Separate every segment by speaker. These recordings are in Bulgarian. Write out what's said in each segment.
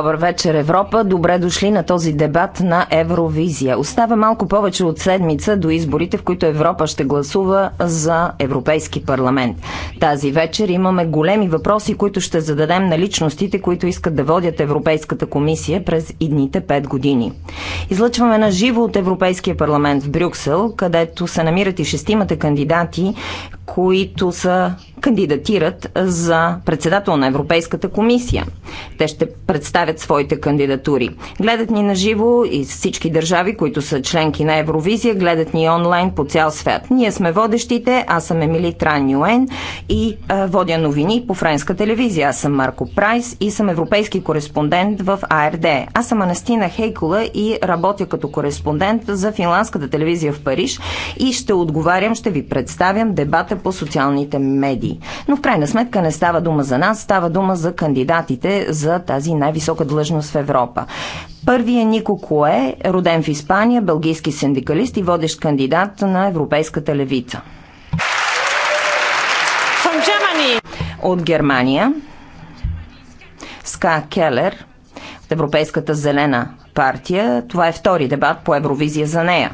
Speaker 1: Добър вечер, Европа. Добре дошли на този дебат на Евровизия. Остава малко повече от седмица до изборите, в които Европа ще гласува за Европейски парламент. Тази вечер имаме големи въпроси, които ще зададем на личностите, които искат да водят Европейската комисия през идните пет години. Излъчваме на живо от Европейския парламент в Брюксел, където се намират и шестимата кандидати, които са кандидатират за председател на Европейската комисия. Те ще представят своите кандидатури. Гледат ни на живо и всички държави, които са членки на Евровизия, гледат ни онлайн по цял свят. Ние сме водещите, аз съм Емили Тран Юен и а, е, водя новини по френска телевизия. Аз съм Марко Прайс и съм европейски кореспондент в АРД. Аз съм Анастина Хейкола и работя като кореспондент за финландската телевизия в Париж и ще отговарям, ще ви представям дебата по социалните медии. Но в крайна сметка не става дума за нас, става дума за кандидатите за тази най-висока длъжност в Европа. Първият е Нико Кое, роден в Испания, бългийски синдикалист и водещ кандидат на Европейската левица. От Германия Ска Келер от Европейската зелена партия. Това е втори дебат по Евровизия за нея.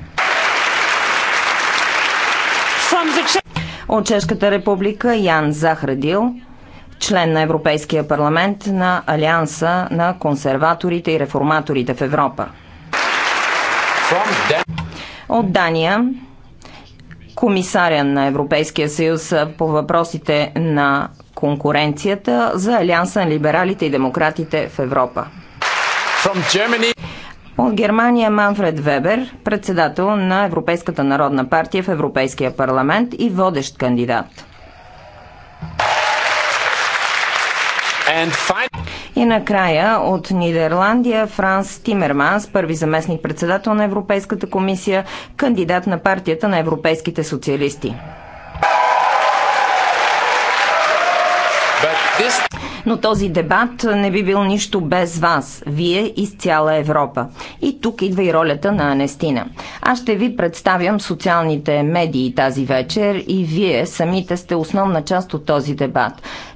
Speaker 1: от Чешката република Ян Захрадил, член на Европейския парламент на Алианса на консерваторите и реформаторите в Европа. От Дания комисаря на Европейския съюз по въпросите на конкуренцията за Алианса на либералите и демократите в Европа. От Германия Манфред Вебер, председател на Европейската народна партия в Европейския парламент и водещ кандидат. И накрая от Нидерландия Франс Тимерманс, първи заместник председател на Европейската комисия, кандидат на партията на европейските социалисти. This но този дебат не би бил нищо без вас, вие из цяла Европа. И тук идва и ролята на Анестина. Аз ще ви представям социалните медии тази вечер и вие самите сте основна част от този дебат.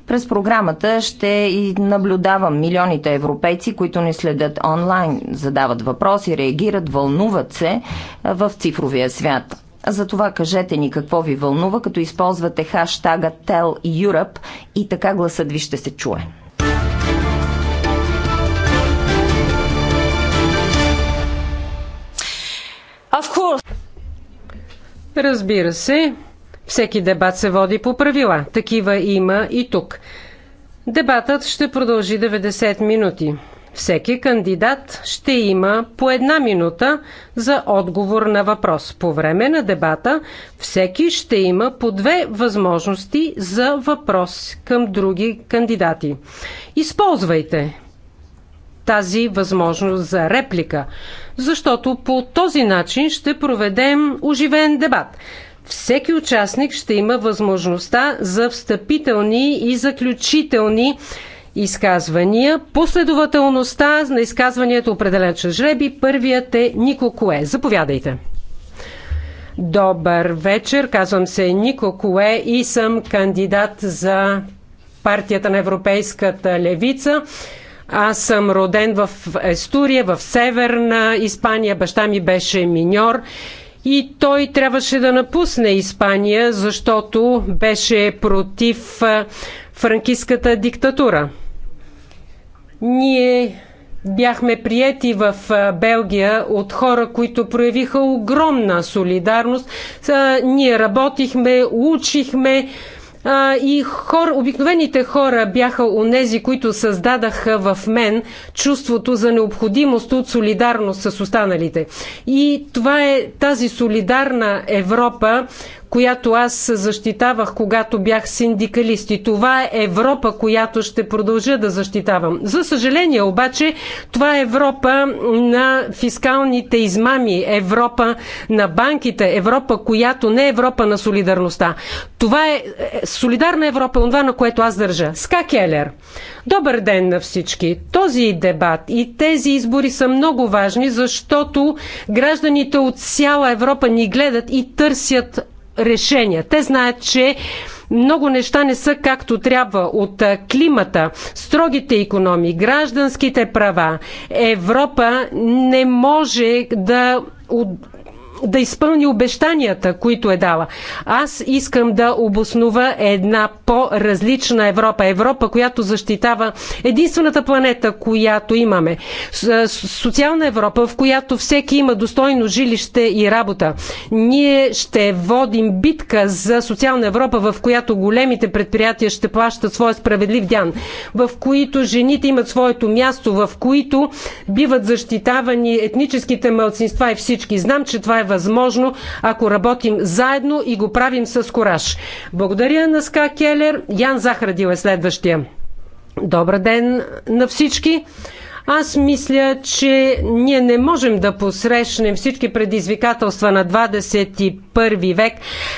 Speaker 1: През програмата ще и наблюдавам милионите европейци, които ни следят онлайн, задават въпроси, реагират, вълнуват се в цифровия свят. Затова кажете ни какво ви вълнува, като използвате хаштага Tell Europe и така гласът ви ще се чуе.
Speaker 2: Разбира се, всеки дебат се води по правила. Такива има и тук. Дебатът ще продължи 90 минути. Всеки кандидат ще има по една минута за отговор на въпрос. По време на дебата всеки ще има по две възможности за въпрос към други кандидати. Използвайте тази възможност за реплика, защото по този начин ще проведем оживен дебат. Всеки участник ще има възможността за встъпителни и заключителни изказвания. Последователността на изказванията определен чрез жреби. Първият е Нико Кое. Заповядайте. Добър вечер, казвам се Нико Кое и съм кандидат за партията на Европейската левица. Аз съм роден в Естурия, в северна Испания. Баща ми беше миньор и той трябваше да напусне Испания, защото беше против франкистската диктатура. Ние бяхме приети в Белгия от хора, които проявиха огромна солидарност. Ние работихме, учихме и хор, обикновените хора бяха онези, които създадаха в мен чувството за необходимост от солидарност с останалите. И това е тази солидарна Европа, която аз защитавах, когато бях синдикалист. И това е Европа, която ще продължа да защитавам. За съжаление обаче, това е Европа на фискалните измами, Европа на банките, Европа, която не е Европа на солидарността. Това е, е солидарна Европа, това на което аз държа. Ска Келер. Добър ден на всички. Този дебат и тези избори са много важни, защото гражданите от цяла Европа ни гледат и търсят решения. Те знаят, че много неща не са както трябва от климата, строгите економии, гражданските права. Европа не може да да изпълни обещанията, които е дала. Аз искам да обоснова една по-различна Европа. Европа, която защитава единствената планета, която имаме. Социална Европа, в която всеки има достойно жилище и работа. Ние ще водим битка за социална Европа, в която големите предприятия ще плащат своя справедлив дян, в които жените имат своето място, в които биват защитавани етническите мълцинства и всички. Знам, че това е възможно, ако работим заедно и го правим с кораж. Благодаря на Ска Келер. Ян Захрадил е следващия. Добър ден на всички! Аз мисля, че ние не можем да посрещнем всички предизвикателства на 21 век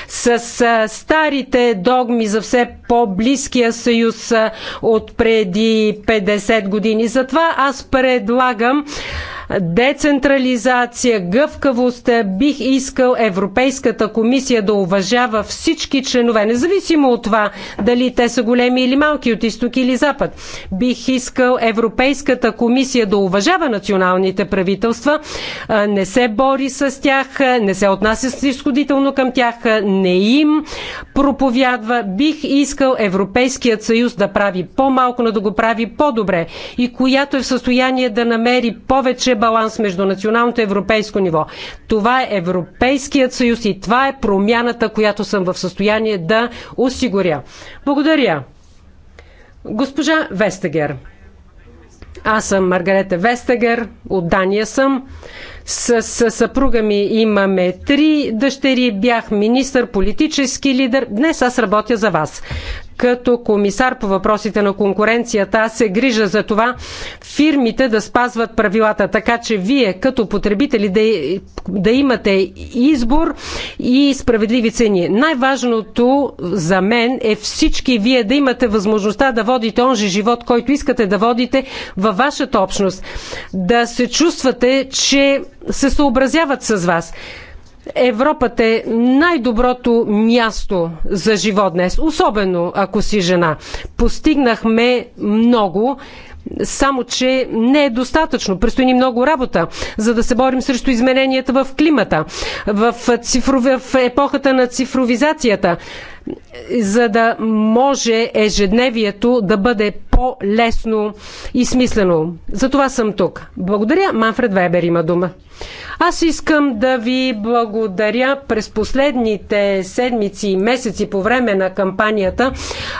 Speaker 2: с старите догми за все по-близкия съюз от преди 50 години. Затова аз предлагам децентрализация, гъвкавост. Бих искал Европейската комисия да уважава всички членове, независимо от това дали те са големи или малки, от изток или запад. Бих искал Европейската комисия да уважава националните правителства, не се бори с тях, не се отнася снисходително към тях, не им проповядва. Бих искал Европейският съюз да прави по-малко, но да го прави по-добре и която е в състояние да намери повече баланс между националното и европейско ниво. Това е Европейският съюз и това е промяната, която съм в състояние да осигуря. Благодаря. Госпожа Вестегер. Аз съм Маргарета Вестегер, от Дания съм. С, с съпруга ми имаме три дъщери, бях министър, политически лидер. Днес аз работя за вас като комисар по въпросите на конкуренцията, аз се грижа за това фирмите да спазват правилата, така че вие като потребители да, да имате избор и справедливи цени. Най-важното за мен е всички вие да имате възможността да водите онжи живот, който искате да водите във вашата общност. Да се чувствате, че се съобразяват с вас. Европа е най-доброто място за живот днес, особено ако си жена. Постигнахме много, само че не е достатъчно. Престои ни много работа, за да се борим срещу измененията в климата, в, цифрови, в епохата на цифровизацията за да може ежедневието да бъде по-лесно и смислено. Затова съм тук. Благодаря. Манфред Вебер има дума. Аз искам да ви благодаря през последните седмици и месеци по време на кампанията.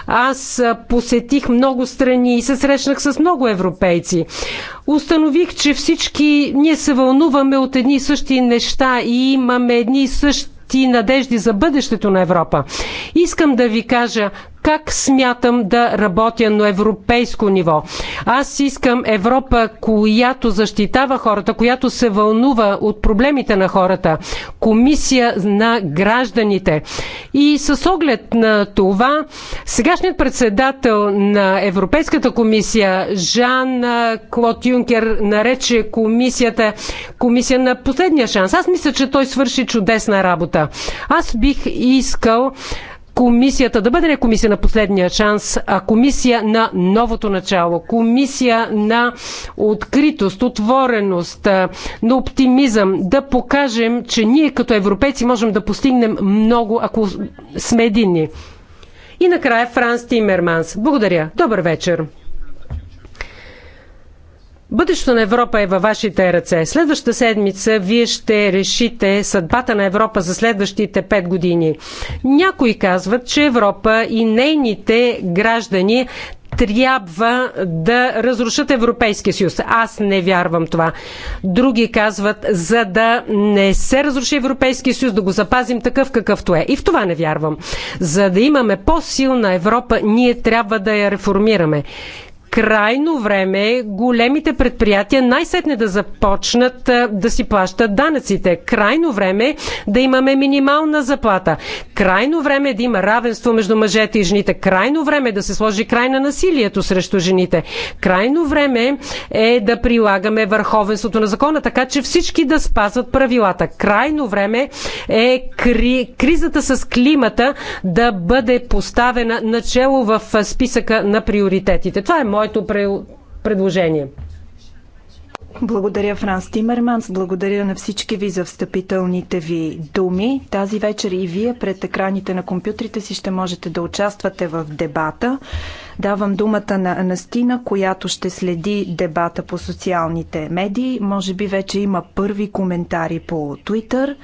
Speaker 2: Аз посетих много страни и се срещнах с много европейци. Установих, че всички ние се вълнуваме от едни и същи неща и имаме едни и същи ти надежди за бъдещето на Европа. Искам да ви кажа, как смятам да работя на европейско ниво. Аз искам Европа, която защитава хората, която се вълнува от проблемите на хората, комисия на гражданите. И с оглед на това, сегашният председател на Европейската комисия, Жан Клод Юнкер, нарече комисията комисия на последния шанс. Аз мисля, че той свърши чудесна работа. Аз бих искал комисията да бъде не комисия на последния шанс, а комисия на новото начало, комисия на откритост, отвореност, на оптимизъм, да покажем, че ние като европейци можем да постигнем много, ако сме единни. И накрая Франс Тимерманс. Благодаря. Добър вечер. Бъдещето на Европа е във вашите ръце. Следващата седмица вие ще решите съдбата на Европа за следващите пет години. Някои казват, че Европа и нейните граждани трябва да разрушат Европейския съюз. Аз не вярвам това. Други казват, за да не се разруши Европейския съюз, да го запазим такъв какъвто е. И в това не вярвам. За да имаме по-силна Европа, ние трябва да я реформираме крайно време големите предприятия най-сетне да започнат да си плащат данъците. Крайно време да имаме минимална заплата. Крайно време да има равенство между мъжете и жените. Крайно време да се сложи край на насилието срещу жените. Крайно време е да прилагаме върховенството на закона, така че всички да спазват правилата. Крайно време е кри... кризата с климата да бъде поставена начало в списъка на приоритетите. Това е моят своето предложение.
Speaker 3: Благодаря, Франс Тимерманс. Благодаря на всички ви за встъпителните ви думи. Тази вечер и вие пред екраните на компютрите си ще можете да участвате в дебата. Давам думата на Анастина, която ще следи дебата по социалните медии. Може би вече има първи коментари по Twitter.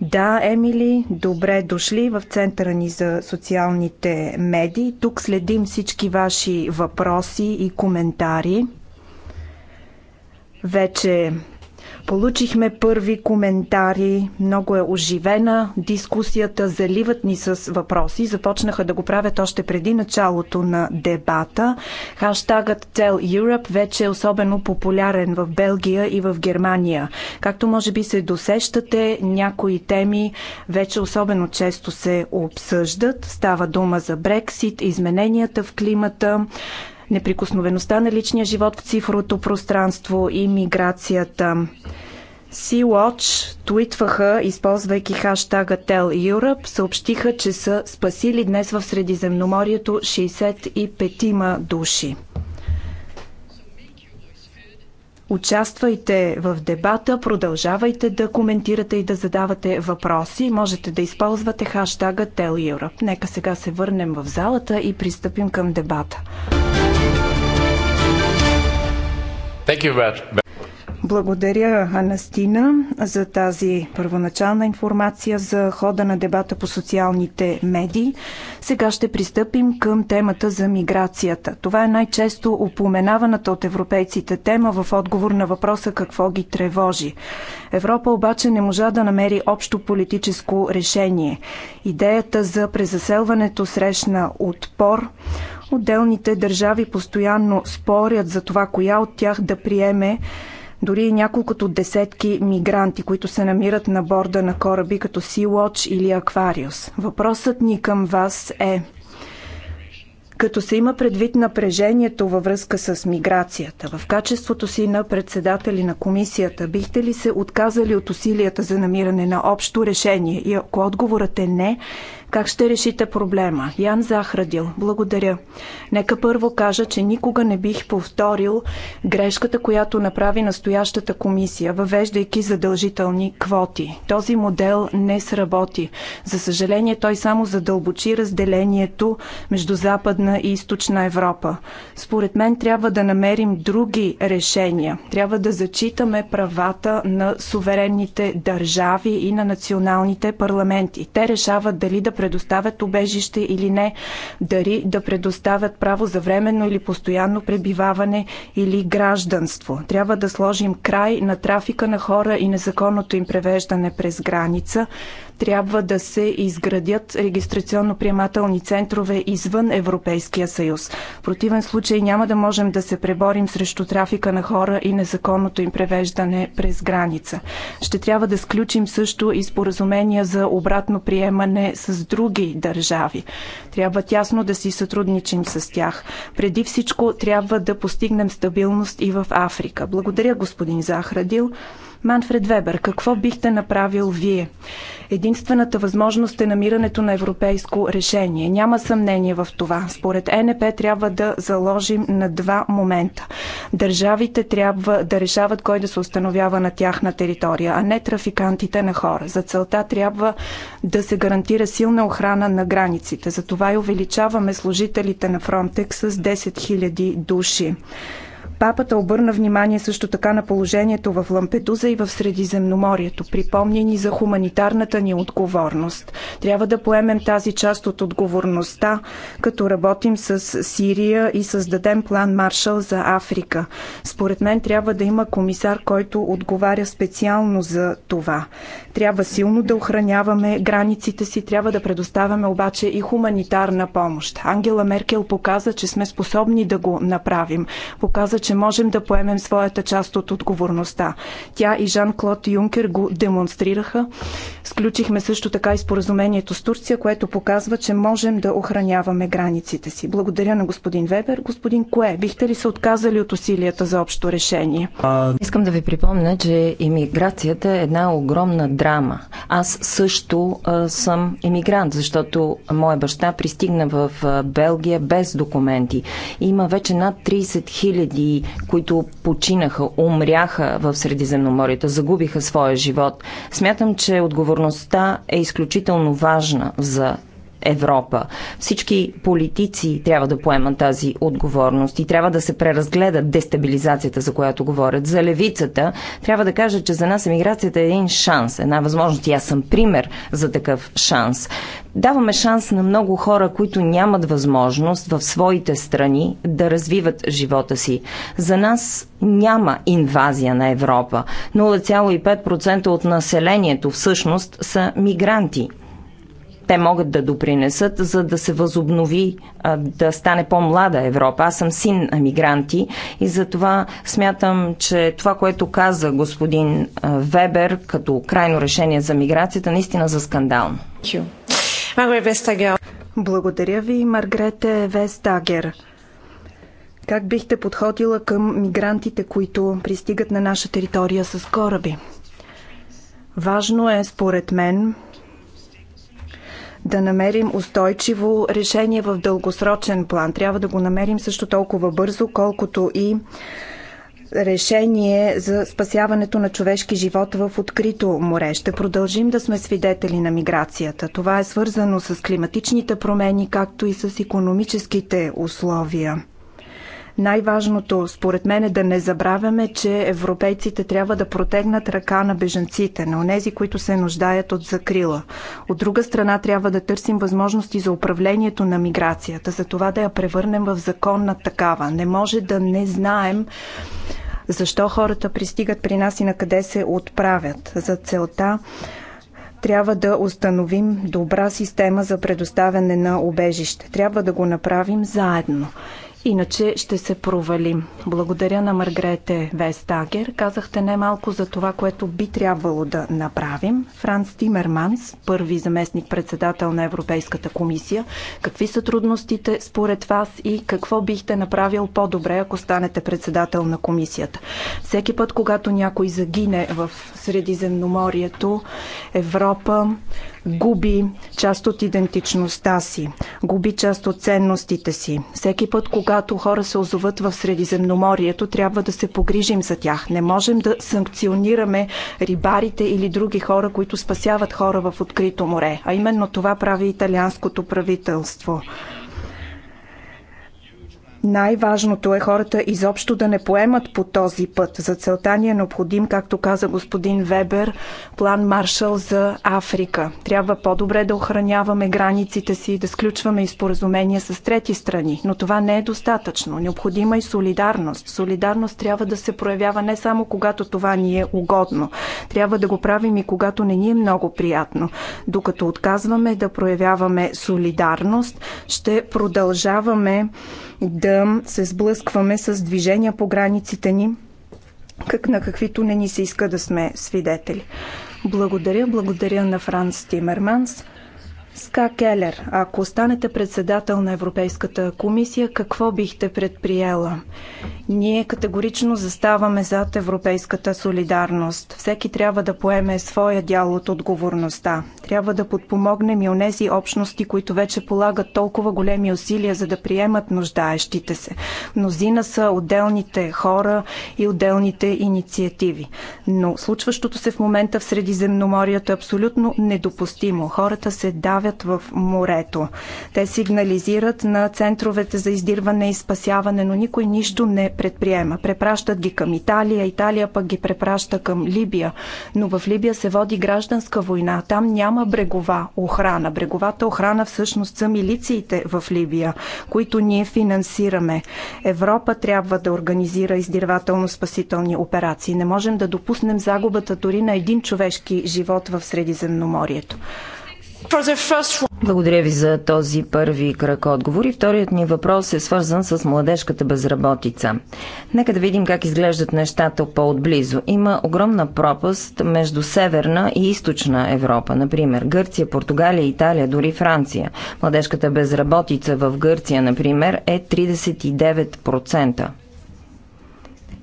Speaker 3: Да, Емили, добре дошли в Центъра ни за социалните медии. Тук следим всички ваши въпроси и коментари. Вече Получихме първи коментари, много е оживена дискусията, заливат ни с въпроси. Започнаха да го правят още преди началото на дебата. Хаштагът Tell Europe вече е особено популярен в Белгия и в Германия. Както може би се досещате, някои теми вече особено често се обсъждат. Става дума за Брексит, измененията в климата, неприкосновеността на личния живот в цифровото пространство и миграцията. Sea-Watch твитваха, използвайки хаштага Tell Europe, съобщиха, че са спасили днес в Средиземноморието 65 души. Участвайте в дебата, продължавайте да коментирате и да задавате въпроси. Можете да използвате хаштага TellEurope. Нека сега се върнем в залата и пристъпим към дебата.
Speaker 2: Thank you,
Speaker 3: благодаря, Анастина, за тази първоначална информация за хода на дебата по социалните медии. Сега ще пристъпим към темата за миграцията. Това е най-често упоменаваната от европейците тема в отговор на въпроса какво ги тревожи. Европа обаче не можа да намери общо политическо решение. Идеята за презаселването срещна отпор. Отделните държави постоянно спорят за това, коя от тях да приеме дори и няколкото десетки мигранти, които се намират на борда на кораби като Sea-Watch или Aquarius. Въпросът ни към вас е като се има предвид напрежението във връзка с миграцията, в качеството си на председатели на комисията, бихте ли се отказали от усилията за намиране на общо решение? И ако отговорът е не, как ще решите проблема? Ян Захрадил, благодаря. Нека първо кажа, че никога не бих повторил грешката, която направи настоящата комисия, въвеждайки задължителни квоти. Този модел не сработи. За съжаление, той само задълбочи разделението между Западна и Източна Европа. Според мен трябва да намерим други решения. Трябва да зачитаме правата на суверенните държави и на националните парламенти. Те решават дали да предоставят убежище или не, дари да предоставят право за временно или постоянно пребиваване или гражданство. Трябва да сложим край на трафика на хора и незаконното им превеждане през граница. Трябва да се изградят регистрационно-приемателни центрове извън Европейския съюз. В противен случай няма да можем да се преборим срещу трафика на хора и незаконното им превеждане през граница. Ще трябва да сключим също и споразумения за обратно приемане с други държави. Трябва тясно да си сътрудничим с тях. Преди всичко трябва да постигнем стабилност и в Африка. Благодаря, господин Захрадил. Манфред Вебер, какво бихте направил вие? Единствената възможност е намирането на европейско решение. Няма съмнение в това. Според ЕНП трябва да заложим на два момента. Държавите трябва да решават кой да се установява на тяхна територия, а не трафикантите на хора. За целта трябва да се гарантира силна охрана на границите. Затова и увеличаваме служителите на Фронтекс с 10 000 души. Папата обърна внимание също така на положението в Лампедуза и в Средиземноморието. Припомня ни за хуманитарната ни отговорност. Трябва да поемем тази част от отговорността, като работим с Сирия и създадем план Маршал за Африка. Според мен трябва да има комисар, който отговаря специално за това. Трябва силно да охраняваме границите си, трябва да предоставяме обаче и хуманитарна помощ. Ангела Меркел показа, че сме способни да го направим. Показа, че можем да поемем своята част от отговорността. Тя и Жан-Клод Юнкер го демонстрираха. Сключихме също така и споразумението с Турция, което показва, че можем да охраняваме границите си. Благодаря на господин Вебер. Господин Кое, бихте ли се отказали от усилията за общо решение?
Speaker 1: Искам да ви припомня, че имиграцията е една огромна драма. Аз също а, съм емигрант, защото моя баща пристигна в а, Белгия без документи. Има вече над 30 хиляди, които починаха, умряха в Средиземноморието, загубиха своя живот. Смятам, че отговорността е изключително важна за Европа. Всички политици трябва да поемат тази отговорност и трябва да се преразгледат дестабилизацията, за която говорят. За левицата трябва да кажа, че за нас емиграцията е един шанс, една възможност. И аз съм пример за такъв шанс. Даваме шанс на много хора, които нямат възможност в своите страни да развиват живота си. За нас няма инвазия на Европа. 0,5% от населението всъщност са мигранти – те могат да допринесат, за да се възобнови, да стане по-млада Европа. Аз съм син на мигранти и затова смятам, че това, което каза господин Вебер като крайно решение за миграцията, наистина за скандално.
Speaker 3: Благодаря ви, Маргрете Вестагер. Как бихте подходила към мигрантите, които пристигат на наша територия с кораби? Важно е, според мен, да намерим устойчиво решение в дългосрочен план. Трябва да го намерим също толкова бързо, колкото и решение за спасяването на човешки живот в открито море. Ще продължим да сме свидетели на миграцията. Това е свързано с климатичните промени, както и с економическите условия. Най-важното според мен е да не забравяме, че европейците трябва да протегнат ръка на бежанците, на онези, които се нуждаят от закрила. От друга страна трябва да търсим възможности за управлението на миграцията, за това да я превърнем в законна такава. Не може да не знаем защо хората пристигат при нас и на къде се отправят. За целта трябва да установим добра система за предоставяне на обежище. Трябва да го направим заедно. Иначе ще се провалим. Благодаря на Маргрете Вестагер. Казахте най-малко за това, което би трябвало да направим. Франц Тимерманс, първи заместник председател на Европейската комисия. Какви са трудностите според вас и какво бихте направил по-добре, ако станете председател на комисията? Всеки път, когато някой загине в Средиземноморието, Европа губи част от идентичността си, губи част от ценностите си. Всеки път, когато хора се озоват в Средиземноморието, трябва да се погрижим за тях. Не можем да санкционираме рибарите или други хора, които спасяват хора в открито море. А именно това прави италианското правителство. Най-важното е хората изобщо да не поемат по този път. За целта ни е необходим, както каза господин Вебер, план Маршал за Африка. Трябва по-добре да охраняваме границите си, да сключваме и споразумения с трети страни. Но това не е достатъчно. Необходима и е солидарност. Солидарност трябва да се проявява не само когато това ни е угодно. Трябва да го правим и когато не ни е много приятно. Докато отказваме да проявяваме солидарност, ще продължаваме да се сблъскваме с движения по границите ни, как на каквито не ни се иска да сме свидетели. Благодаря, благодаря на Франц Тимерманс. Ска Келер, ако станете председател на Европейската комисия, какво бихте предприела? Ние категорично заставаме зад европейската солидарност. Всеки трябва да поеме своя дял от отговорността. Трябва да подпомогнем и онези общности, които вече полагат толкова големи усилия, за да приемат нуждаещите се. Мнозина са отделните хора и отделните инициативи. Но случващото се в момента в Средиземноморието е абсолютно недопустимо. Хората се давят изправят в морето. Те сигнализират на центровете за издирване и спасяване, но никой нищо не предприема. Препращат ги към Италия, Италия пък ги препраща към Либия. Но в Либия се води гражданска война. Там няма брегова охрана. Бреговата охрана всъщност са милициите в Либия, които ние финансираме. Европа трябва да организира издирвателно-спасителни операции. Не можем да допуснем загубата дори на един човешки живот в Средиземноморието.
Speaker 1: Благодаря ви за този първи кръг и Вторият ни въпрос е свързан с младежката безработица. Нека да видим как изглеждат нещата по-отблизо. Има огромна пропаст между Северна и Източна Европа, например Гърция, Португалия, Италия, дори Франция. Младежката безработица в Гърция, например, е 39%.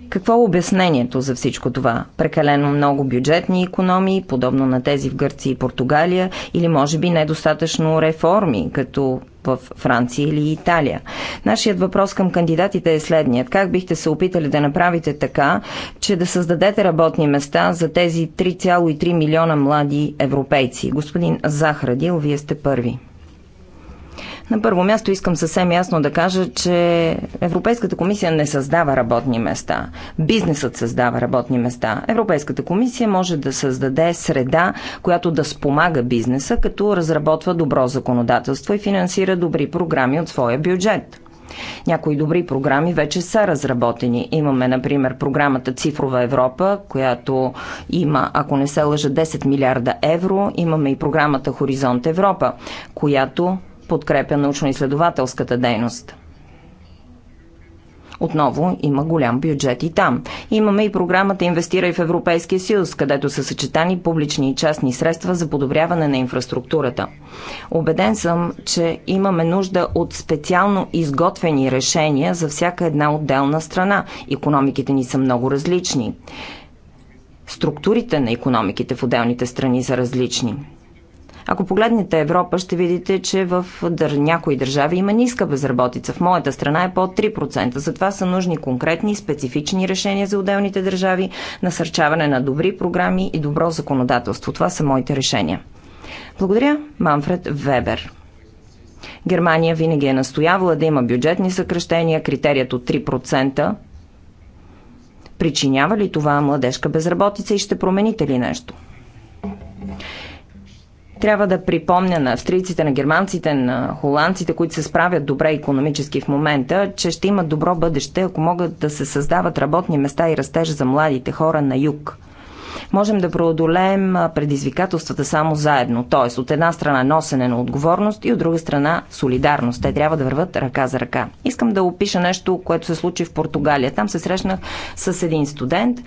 Speaker 1: Какво е обяснението за всичко това? Прекалено много бюджетни економии, подобно на тези в Гърция и Португалия, или може би недостатъчно реформи, като в Франция или Италия. Нашият въпрос към кандидатите е следният. Как бихте се опитали да направите така, че да създадете работни места за тези 3,3 милиона млади европейци? Господин Захрадил, вие сте първи. На първо място искам съвсем ясно да кажа, че Европейската комисия не създава работни места. Бизнесът създава работни места. Европейската комисия може да създаде среда, която да спомага бизнеса, като разработва добро законодателство и финансира добри програми от своя бюджет. Някои добри програми вече са разработени. Имаме, например, програмата Цифрова Европа, която има, ако не се лъжа, 10 милиарда евро. Имаме и програмата Хоризонт Европа, която подкрепя научно-изследователската дейност. Отново има голям бюджет и там. Имаме и програмата Инвестирай в Европейския съюз, където са съчетани публични и частни средства за подобряване на инфраструктурата. Обеден съм, че имаме нужда от специално изготвени решения за всяка една отделна страна. Економиките ни са много различни. Структурите на економиките в отделните страни са различни. Ако погледнете Европа, ще видите, че в някои държави има ниска безработица. В моята страна е под 3%. Затова са нужни конкретни, специфични решения за отделните държави, насърчаване на добри програми и добро законодателство. Това са моите решения. Благодаря, Манфред Вебер. Германия винаги е настоявала да има бюджетни съкръщения, критерият от 3%. Причинява ли това младежка безработица и ще промените ли нещо? Трябва да припомня на австрийците, на германците, на холандците, които се справят добре економически в момента, че ще имат добро бъдеще, ако могат да се създават работни места и растеж за младите хора на юг можем да преодолеем предизвикателствата само заедно. т.е. от една страна носене на отговорност и от друга страна солидарност. Те трябва да върват ръка за ръка. Искам да опиша нещо, което се случи в Португалия. Там се срещнах с един студент,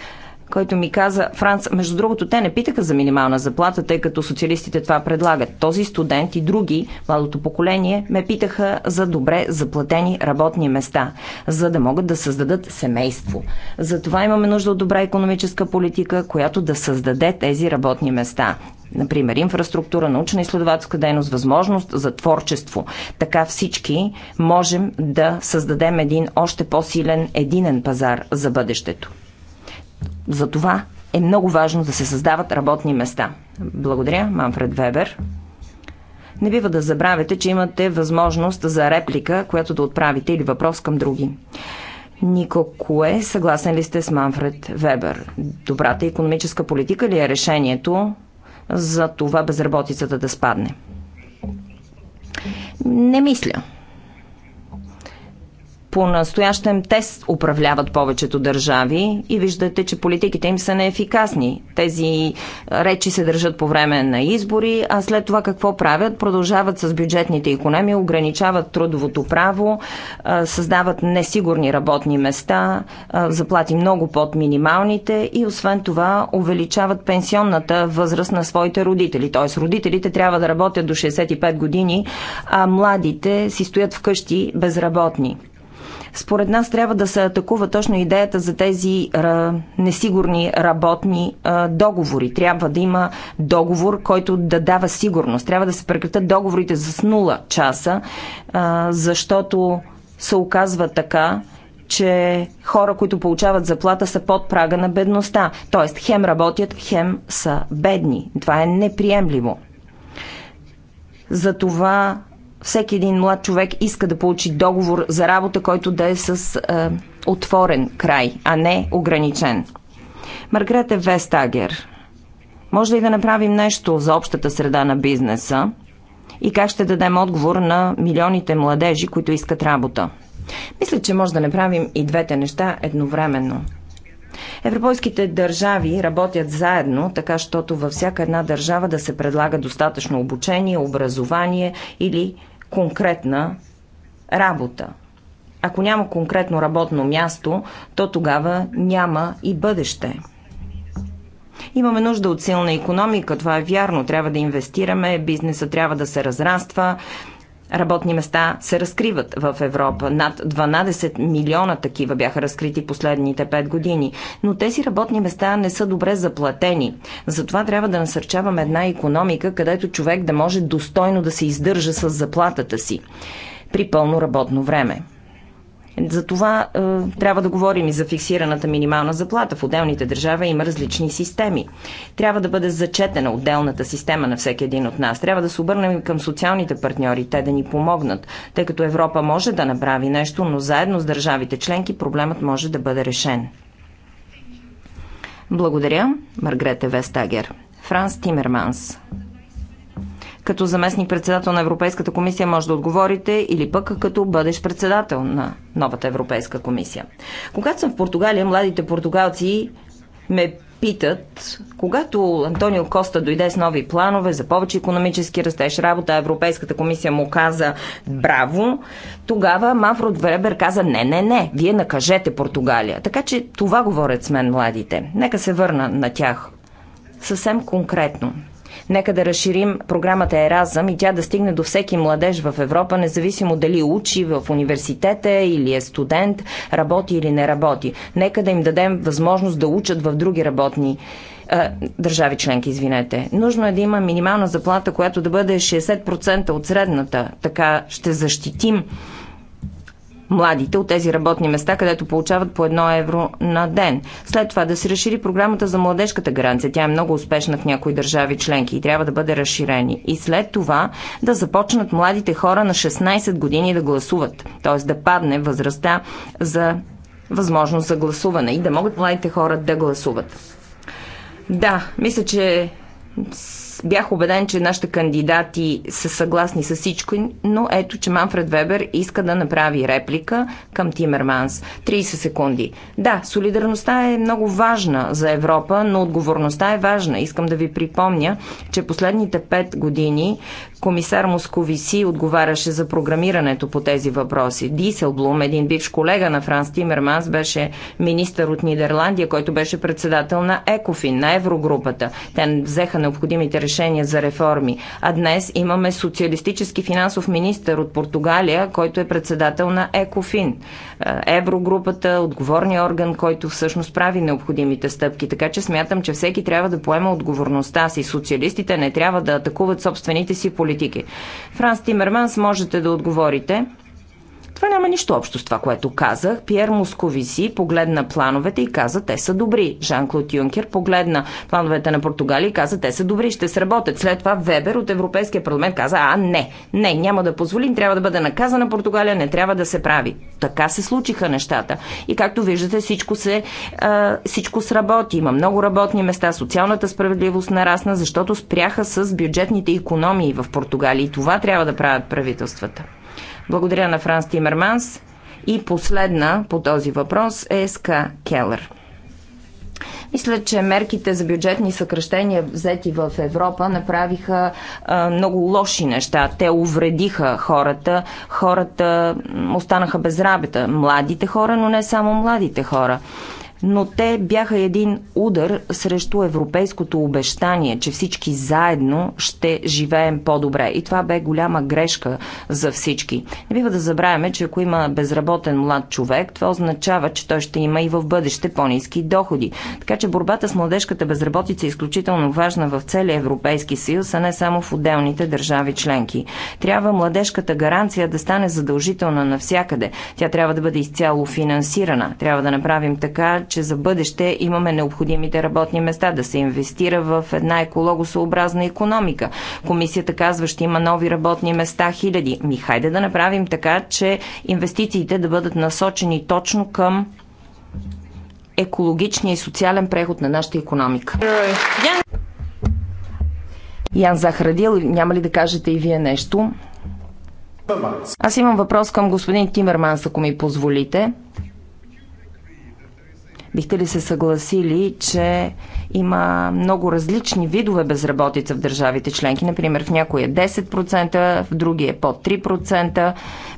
Speaker 1: който ми каза, Франц, между другото, те не питаха за минимална заплата, тъй като социалистите това предлагат. Този студент и други, младото поколение, ме питаха за добре заплатени работни места, за да могат да създадат семейство. Затова имаме нужда от добра економическа политика, която да създаде тези работни места например, инфраструктура, и изследователска дейност, възможност за творчество. Така всички можем да създадем един още по-силен единен пазар за бъдещето. За това е много важно да се създават работни места. Благодаря, Манфред Вебер. Не бива да забравяте, че имате възможност за реплика, която да отправите или въпрос към други. Нико Куе, съгласен ли сте с Манфред Вебер? Добрата економическа политика ли е решението за това безработицата да спадне? Не мисля. По-настоящем те управляват повечето държави и виждате, че политиките им са неефикасни. Тези речи се държат по време на избори, а след това какво правят? Продължават с бюджетните економии, ограничават трудовото право, създават несигурни работни места, заплати много под минималните и освен това увеличават пенсионната възраст на своите родители. Т.е. родителите трябва да работят до 65 години, а младите си стоят вкъщи безработни. Според нас трябва да се атакува точно идеята за тези несигурни работни а, договори. Трябва да има договор, който да дава сигурност. Трябва да се прекратят договорите с 0 часа, а, защото се оказва така, че хора, които получават заплата, са под прага на бедността. Тоест, хем работят, хем са бедни. Това е неприемливо. Затова всеки един млад човек иска да получи договор за работа, който да е с е, отворен край, а не ограничен. Маргрете Вестагер, може ли да направим нещо за общата среда на бизнеса и как ще дадем отговор на милионите младежи, които искат работа? Мисля, че може да направим и двете неща едновременно. Европейските държави работят заедно, така щото във всяка една държава да се предлага достатъчно обучение, образование или конкретна работа. Ако няма конкретно работно място, то тогава няма и бъдеще. Имаме нужда от силна економика, това е вярно. Трябва да инвестираме, бизнеса трябва да се разраства, работни места се разкриват в Европа. Над 12 милиона такива бяха разкрити последните 5 години. Но тези работни места не са добре заплатени. Затова трябва да насърчаваме една економика, където човек да може достойно да се издържа с заплатата си при пълно работно време. За това е, трябва да говорим и за фиксираната минимална заплата. В отделните държави има различни системи. Трябва да бъде зачетена отделната система на всеки един от нас. Трябва да се обърнем към социалните партньори, те да ни помогнат, тъй като Европа може да направи нещо, но заедно с държавите членки проблемът може да бъде решен. Благодаря, Маргрете Вестагер. Франс Тимерманс като заместник председател на Европейската комисия може да отговорите или пък като бъдеш председател на новата Европейска комисия. Когато съм в Португалия, младите португалци ме питат, когато Антонио Коста дойде с нови планове за повече економически растеж работа, Европейската комисия му каза браво, тогава Манфрод Вребер каза не, не, не, вие накажете Португалия. Така че това говорят с мен младите. Нека се върна на тях съвсем конкретно. Нека да разширим програмата Еразъм и тя да стигне до всеки младеж в Европа, независимо дали учи в университета или е студент, работи или не работи. Нека да им дадем възможност да учат в други работни държави членки, извинете. Нужно е да има минимална заплата, която да бъде 60% от средната. Така ще защитим младите от тези работни места, където получават по едно евро на ден. След това да се разшири програмата за младежката гаранция. Тя е много успешна в някои държави членки и трябва да бъде разширени. И след това да започнат младите хора на 16 години да гласуват, т.е. да падне възрастта за възможност за гласуване и да могат младите хора да гласуват. Да, мисля, че бях убеден, че нашите кандидати са съгласни с всичко, но ето, че Манфред Вебер иска да направи реплика към Тимерманс. 30 секунди. Да, солидарността е много важна за Европа, но отговорността е важна. Искам да ви припомня, че последните 5 години Комисар Московиси отговаряше за програмирането по тези въпроси. Диселблум, един бивш колега на Франс Тимерманс, беше министър от Нидерландия, който беше председател на ЕКОФИН, на Еврогрупата. Те взеха необходимите решения за реформи. А днес имаме социалистически финансов министър от Португалия, който е председател на ЕКОФИН. Е, Еврогрупата, отговорния орган, който всъщност прави необходимите стъпки. Така че смятам, че всеки трябва да поема отговорността си. Социалистите не трябва да атакуват собствените си политики политики. Франс Тимерманс, можете да отговорите. Това няма нищо общо с това, което казах. Пьер Московиси погледна плановете и каза, те са добри. Жан-Клод Юнкер погледна плановете на Португалия и каза, те са добри, ще сработят. След това Вебер от Европейския парламент каза, а не, не, няма да позволим, трябва да бъде наказана Португалия, не трябва да се прави. Така се случиха нещата. И както виждате, всичко, се, а, всичко сработи. Има много работни места, социалната справедливост нарасна, защото спряха с бюджетните економии в Португалия и това трябва да правят правителствата. Благодаря на Франс Тимерманс. И последна по този въпрос е Ска Келър. Мисля, че мерките за бюджетни съкръщения, взети в Европа, направиха а, много лоши неща. Те увредиха хората. Хората останаха без работа. Младите хора, но не само младите хора но те бяха един удар срещу европейското обещание, че всички заедно ще живеем по-добре. И това бе голяма грешка за всички. Не бива да забравяме, че ако има безработен млад човек, това означава, че той ще има и в бъдеще по-низки доходи. Така че борбата с младежката безработица е изключително важна в целия Европейски съюз, а не само в отделните държави членки. Трябва младежката гаранция да стане задължителна навсякъде. Тя трябва да бъде изцяло финансирана. Трябва да направим така, че за бъдеще имаме необходимите работни места, да се инвестира в една екологосообразна економика. Комисията казва, ще има нови работни места, хиляди. Ми хайде да направим така, че инвестициите да бъдат насочени точно към екологичния и социален преход на нашата економика. Ян Захарадил, няма ли да кажете и вие нещо? Аз имам въпрос към господин Тимерманс, ако ми позволите. Бихте ли се съгласили, че има много различни видове безработица в държавите членки? Например, в някои е 10%, в други е под 3%.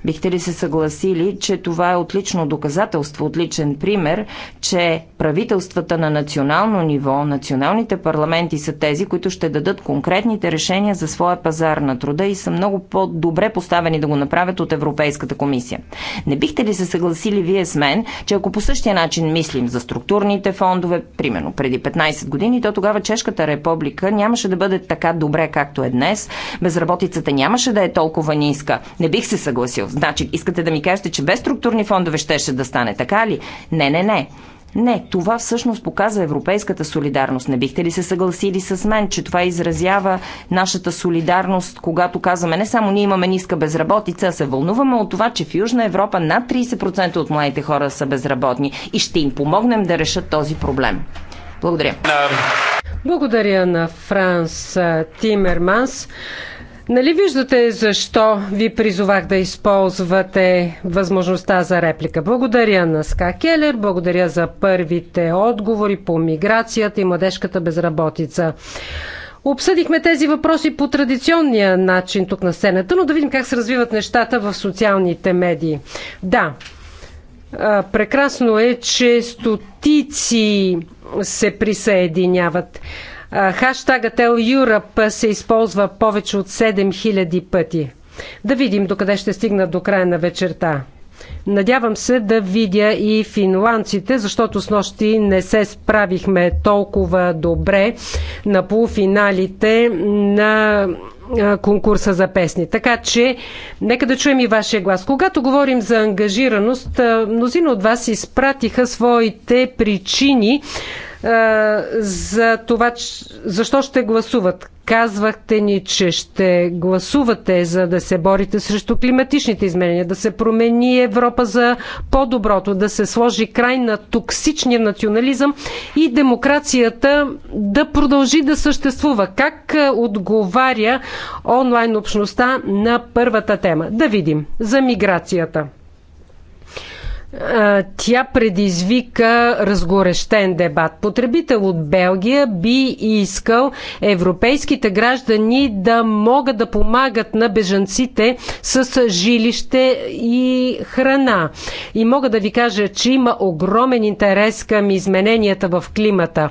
Speaker 1: Бихте ли се съгласили, че това е отлично доказателство, отличен пример, че правителствата на национално ниво, националните парламенти са тези, които ще дадат конкретните решения за своя пазар на труда и са много по-добре поставени да го направят от Европейската комисия? Не бихте ли се съгласили вие с мен, че ако по същия начин мислим за структурните фондове, примерно преди 15 години, то тогава Чешката република нямаше да бъде така добре, както е днес. Безработицата нямаше да е толкова ниска. Не бих се съгласил. Значи, искате да ми кажете, че без структурни фондове щеше да стане така ли? Не, не, не. Не, това всъщност показва европейската солидарност. Не бихте ли се съгласили с мен, че това изразява нашата солидарност, когато казваме не само ние имаме ниска безработица, а се вълнуваме от това, че в Южна Европа над 30% от младите хора са безработни и ще им помогнем
Speaker 2: да решат този проблем. Благодаря. Благодаря на Франс Тимерманс. Нали виждате защо ви призовах да използвате възможността за реплика? Благодаря на Ска Келер, благодаря за първите отговори по миграцията и младежката безработица. Обсъдихме тези въпроси по традиционния начин тук на сцената, но да видим как се развиват нещата в социалните медии. Да, прекрасно е, че стотици се присъединяват. Хаштагът Ел Europe се използва повече от 7000 пъти. Да видим докъде ще стигнат до края на вечерта. Надявам се да видя и финландците, защото с нощи не се справихме толкова добре на полуфиналите на конкурса за песни. Така че, нека да чуем и вашия глас. Когато говорим за ангажираност, мнозина от вас изпратиха своите причини за това, защо ще гласуват. Казвахте ни, че ще гласувате за да се борите срещу климатичните изменения, да се промени Европа за по-доброто, да се сложи край на токсичния национализъм и демокрацията да продължи да съществува. Как отговаря онлайн общността на първата тема? Да видим. За миграцията тя предизвика разгорещен дебат. Потребител от Белгия би искал европейските граждани да могат да помагат на бежанците с жилище и храна. И мога да ви кажа, че има огромен интерес към измененията в климата.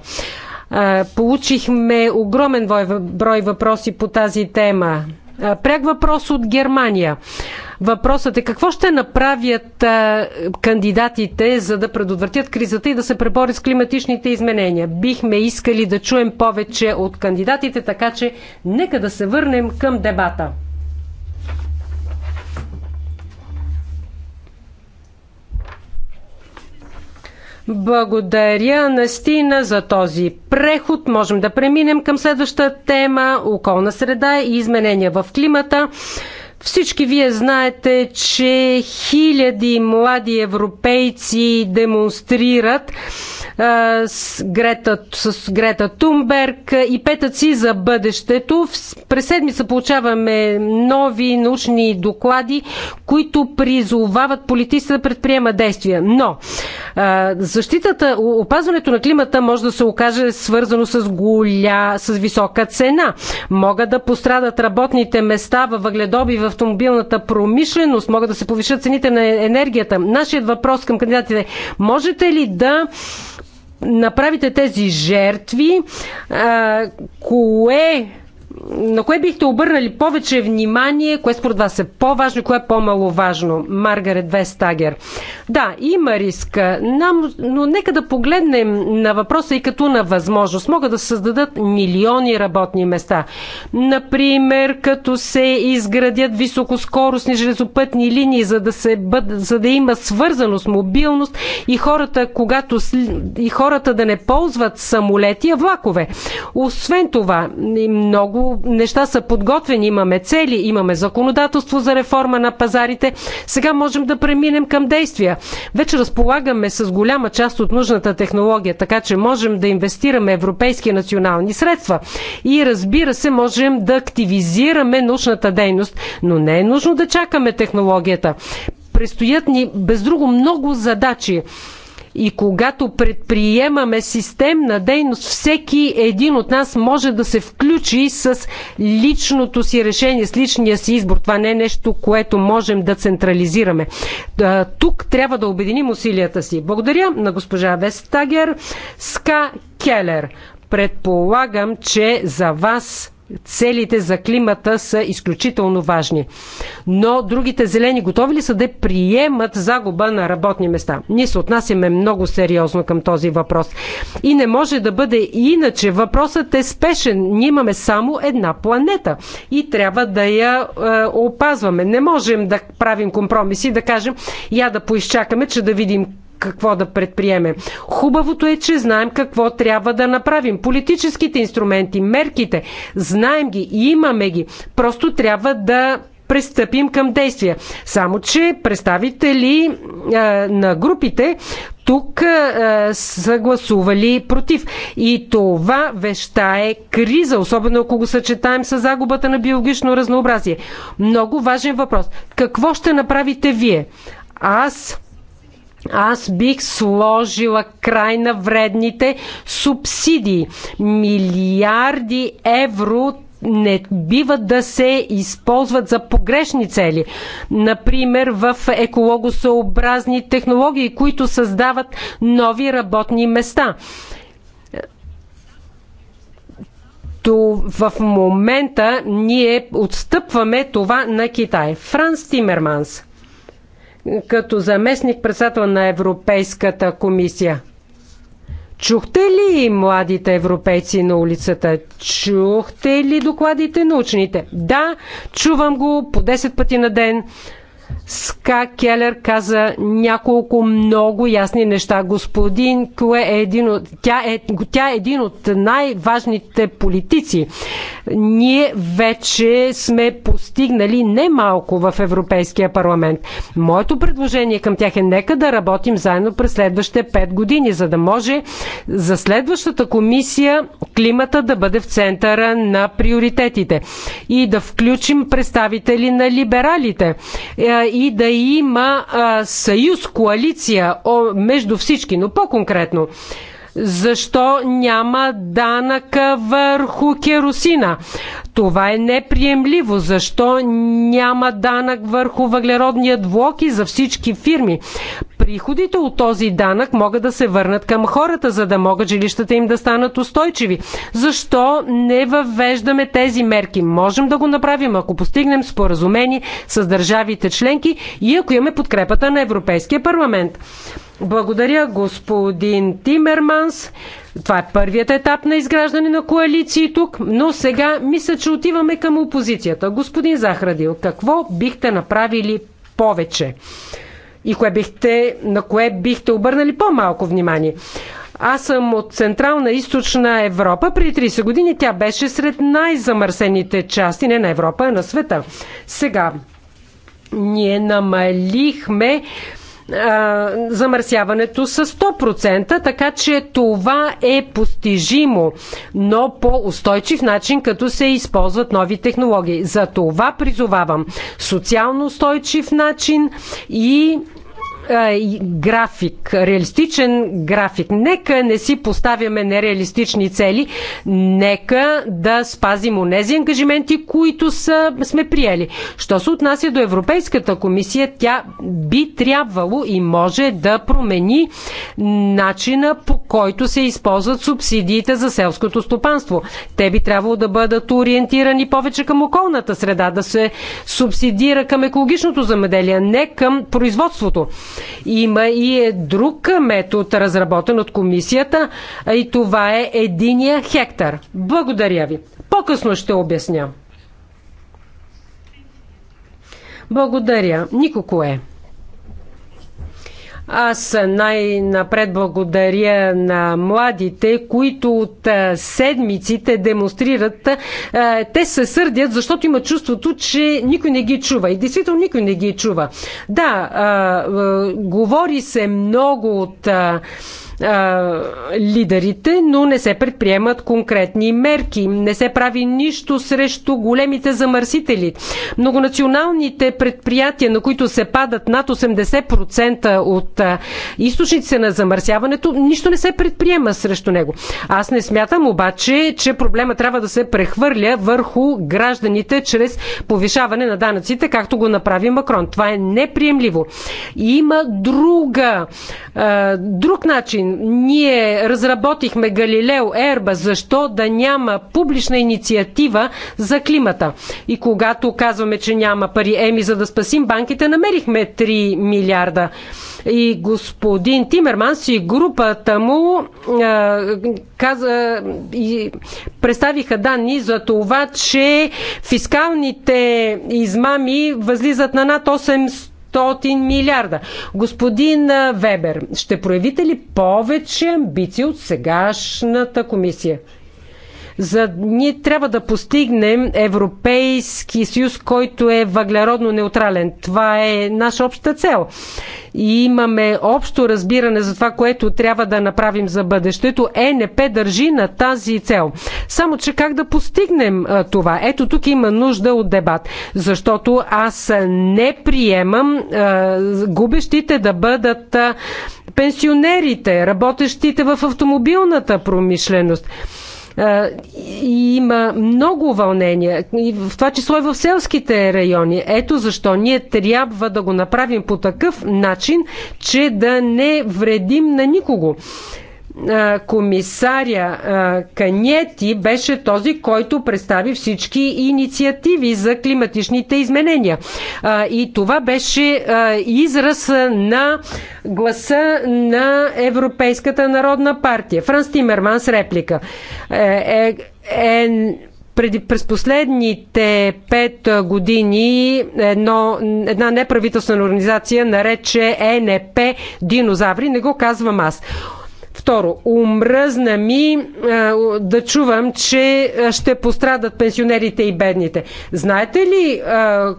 Speaker 2: Получихме огромен брой въпроси по тази тема. Пряк въпрос от Германия. Въпросът е какво ще направят кандидатите, за да предотвратят кризата и да се преборят с климатичните изменения. Бихме искали да чуем повече от кандидатите, така че нека да се върнем към дебата. Благодаря, Настина, за този преход. Можем да преминем към следващата тема – околна среда и изменения в климата. Всички вие знаете, че хиляди млади европейци демонстрират а, с, Грета, с Грета Тумберг и петът си за бъдещето. През седмица получаваме нови научни доклади, които призовават политиците да предприемат действия. Но Защитата, опазването на климата може да се окаже свързано с голя, с висока цена. Могат да пострадат работните места във въгледоби в автомобилната промишленост, могат да се повишат цените на енергията. Нашият въпрос към кандидатите е, можете ли да направите тези жертви, а, кое на кое бихте обърнали повече внимание, кое според вас е по-важно, кое е по-маловажно? Маргарет Вестагер. Да, има риск, но нека да погледнем на въпроса и като на възможност. Могат да създадат милиони работни места. Например, като се изградят високоскоростни железопътни линии, за да, се бъд, за да има свързаност, мобилност и хората, когато, и хората да не ползват самолети, а влакове. Освен това, много неща са подготвени. Имаме цели, имаме законодателство за реформа на пазарите. Сега можем да преминем към действия. Вече разполагаме с голяма част от нужната технология, така че можем да инвестираме европейски национални средства. И разбира се, можем да активизираме научната дейност, но не е нужно да чакаме технологията. Предстоят ни без друго много задачи. И когато предприемаме системна дейност, всеки един от нас може да се включи с личното си решение, с личния си избор. Това не е нещо, което можем да централизираме. Тук трябва да обединим усилията си. Благодаря на госпожа Вестагер, Ска Келер. Предполагам, че за вас целите за климата са изключително важни. Но другите зелени готови ли са да приемат загуба на работни места? Ние се отнасяме много сериозно към този въпрос. И не може да бъде иначе. Въпросът е спешен. Ние имаме само една планета и трябва да я е, опазваме. Не можем да правим компромиси, да кажем я да поизчакаме, че да видим какво да предприеме. Хубавото е, че знаем какво трябва да направим. Политическите инструменти, мерките, знаем ги, имаме ги. Просто трябва да пристъпим към действия. Само, че представители а, е, на групите тук а, е, са гласували против. И това веща е криза, особено ако го съчетаем с загубата на биологично разнообразие. Много важен въпрос. Какво ще направите вие? Аз аз бих сложила край на вредните субсидии. Милиарди евро не биват да се използват за погрешни цели. Например, в екологосъобразни технологии, които създават нови работни места. То в момента ние отстъпваме това на Китай. Франс Тимерманс като заместник председател на Европейската комисия. Чухте ли младите европейци на улицата? Чухте ли докладите на учените? Да, чувам го по 10 пъти на ден Ска Келер каза няколко много ясни неща. Господин Куе е един от, тя е, тя е един от най-важните политици. Ние вече сме постигнали немалко в Европейския парламент. Моето предложение към тях е нека да работим заедно през следващите 5 години, за да може за следващата комисия климата да бъде в центъра на приоритетите и да включим представители на либералите е, и да има съюз, коалиция между всички, но по-конкретно. Защо няма данъка върху керосина? Това е неприемливо. Защо няма данък върху въглеродния блок и за всички фирми? Приходите от този данък могат да се върнат към хората, за да могат жилищата им да станат устойчиви. Защо не въвеждаме тези мерки? Можем да го направим, ако постигнем споразумени с държавите членки и ако имаме подкрепата на Европейския парламент. Благодаря, господин Тимерманс. Това е първият етап на изграждане на коалиции тук, но сега мисля, че отиваме към опозицията. Господин Захрадил, какво бихте направили повече? И кое бихте, на кое бихте обърнали по-малко внимание? Аз съм от Централна и източна Европа. При 30 години тя беше сред най-замърсените части, не на Европа, а на света. Сега ние намалихме замърсяването с 100%, така че това е постижимо, но по устойчив начин, като се използват нови технологии. За това призовавам социално устойчив начин и график, реалистичен график. Нека не си поставяме нереалистични цели, нека да спазим онези ангажименти, които са, сме приели. Що се отнася до Европейската комисия, тя би трябвало и може да промени начина по който се използват субсидиите за селското стопанство. Те би трябвало да бъдат ориентирани повече към околната среда, да се субсидира към екологичното замеделие, не към производството. Има и е друг метод, разработен от комисията, и това е единия хектар. Благодаря ви. По-късно ще обясня. Благодаря. Нико кое. Аз най-напред благодаря на младите, които от седмиците демонстрират. Те се сърдят, защото има чувството, че никой не ги чува. И действително никой не ги чува. Да, говори се много от лидерите, но не се предприемат конкретни мерки. Не се прави нищо срещу големите замърсители. Многонационалните предприятия, на които се падат над 80% от източниците на замърсяването, нищо не се предприема срещу него. Аз не смятам обаче, че проблема трябва да се прехвърля върху гражданите чрез повишаване на данъците, както го направи Макрон. Това е неприемливо. Има друга, друг начин ние разработихме Галилео Ерба. Защо да няма публична инициатива за климата? И когато казваме, че няма пари, еми за да спасим банките, намерихме 3 милиарда. И господин Тимерманс и групата му а, каза, и представиха данни за това, че фискалните измами възлизат на над 800 500 милиарда. Господин Вебер, ще проявите ли повече амбиции от сегашната комисия? За ние трябва да постигнем Европейски съюз, който е въглеродно неутрален. Това е наша обща цел. И имаме общо разбиране за това, което трябва да направим за бъдещето. ЕНП държи на тази цел. Само, че как да постигнем това? Ето тук има нужда от дебат. Защото аз не приемам губещите да бъдат пенсионерите, работещите в автомобилната промишленост. И има много вълнения, в това число и в селските райони. Ето защо ние трябва да го направим по такъв начин, че да не вредим на никого комисаря Канети беше този, който представи всички инициативи за климатичните изменения. И това беше израз на гласа на Европейската народна партия. Франс Тимерманс реплика. Е, е, е преди, през последните пет години едно, една неправителствена организация нарече ЕНП динозаври. Не го казвам аз. Второ, умръзна ми е, да чувам, че е, ще пострадат пенсионерите и бедните. Знаете ли е,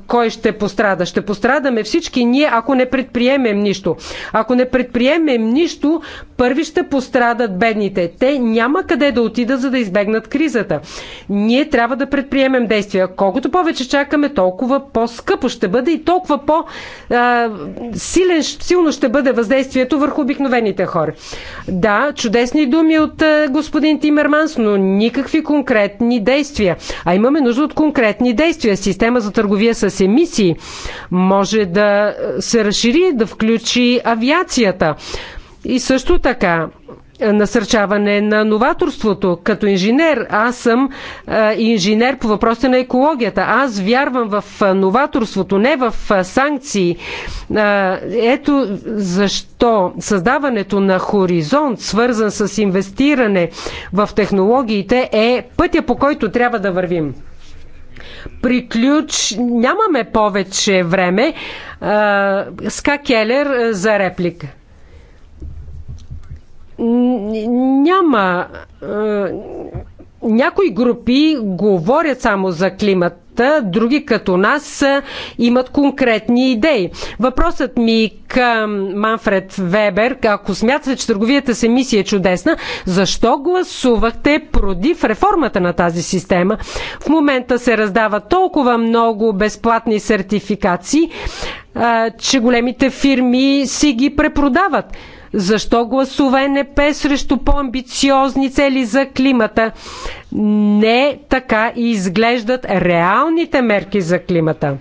Speaker 2: кой ще пострада? Ще пострадаме всички ние, ако не предприемем нищо. Ако не предприемем нищо, първи ще пострадат бедните. Те няма къде да отидат, за да избегнат кризата. Ние трябва да предприемем действия. Колкото повече чакаме, толкова по-скъпо ще бъде и толкова по-силно ще бъде въздействието върху обикновените хора да, чудесни думи от е, господин Тимерманс, но никакви конкретни действия. А имаме нужда от конкретни действия. Система за търговия с емисии може да е, се разшири, да включи авиацията. И също така е, насърчаване на новаторството. Като инженер, аз съм е, инженер по въпросите на екологията. Аз вярвам в е, новаторството, не в санкции. Ето защо създаването на хоризонт, свързан с инвестиране в технологиите, е пътя по който трябва да вървим. Приключ. Нямаме повече време. Ска Келер за реплика няма. Някои групи говорят само за климата, други като нас имат конкретни идеи. Въпросът ми към Манфред Вебер, ако смятате, че търговията с емисия е чудесна, защо гласувахте против реформата на тази система? В момента се раздава толкова много безплатни сертификации, че големите фирми си ги препродават защо гласува НП срещу по-амбициозни цели за климата? Не така и изглеждат реалните мерки за климата.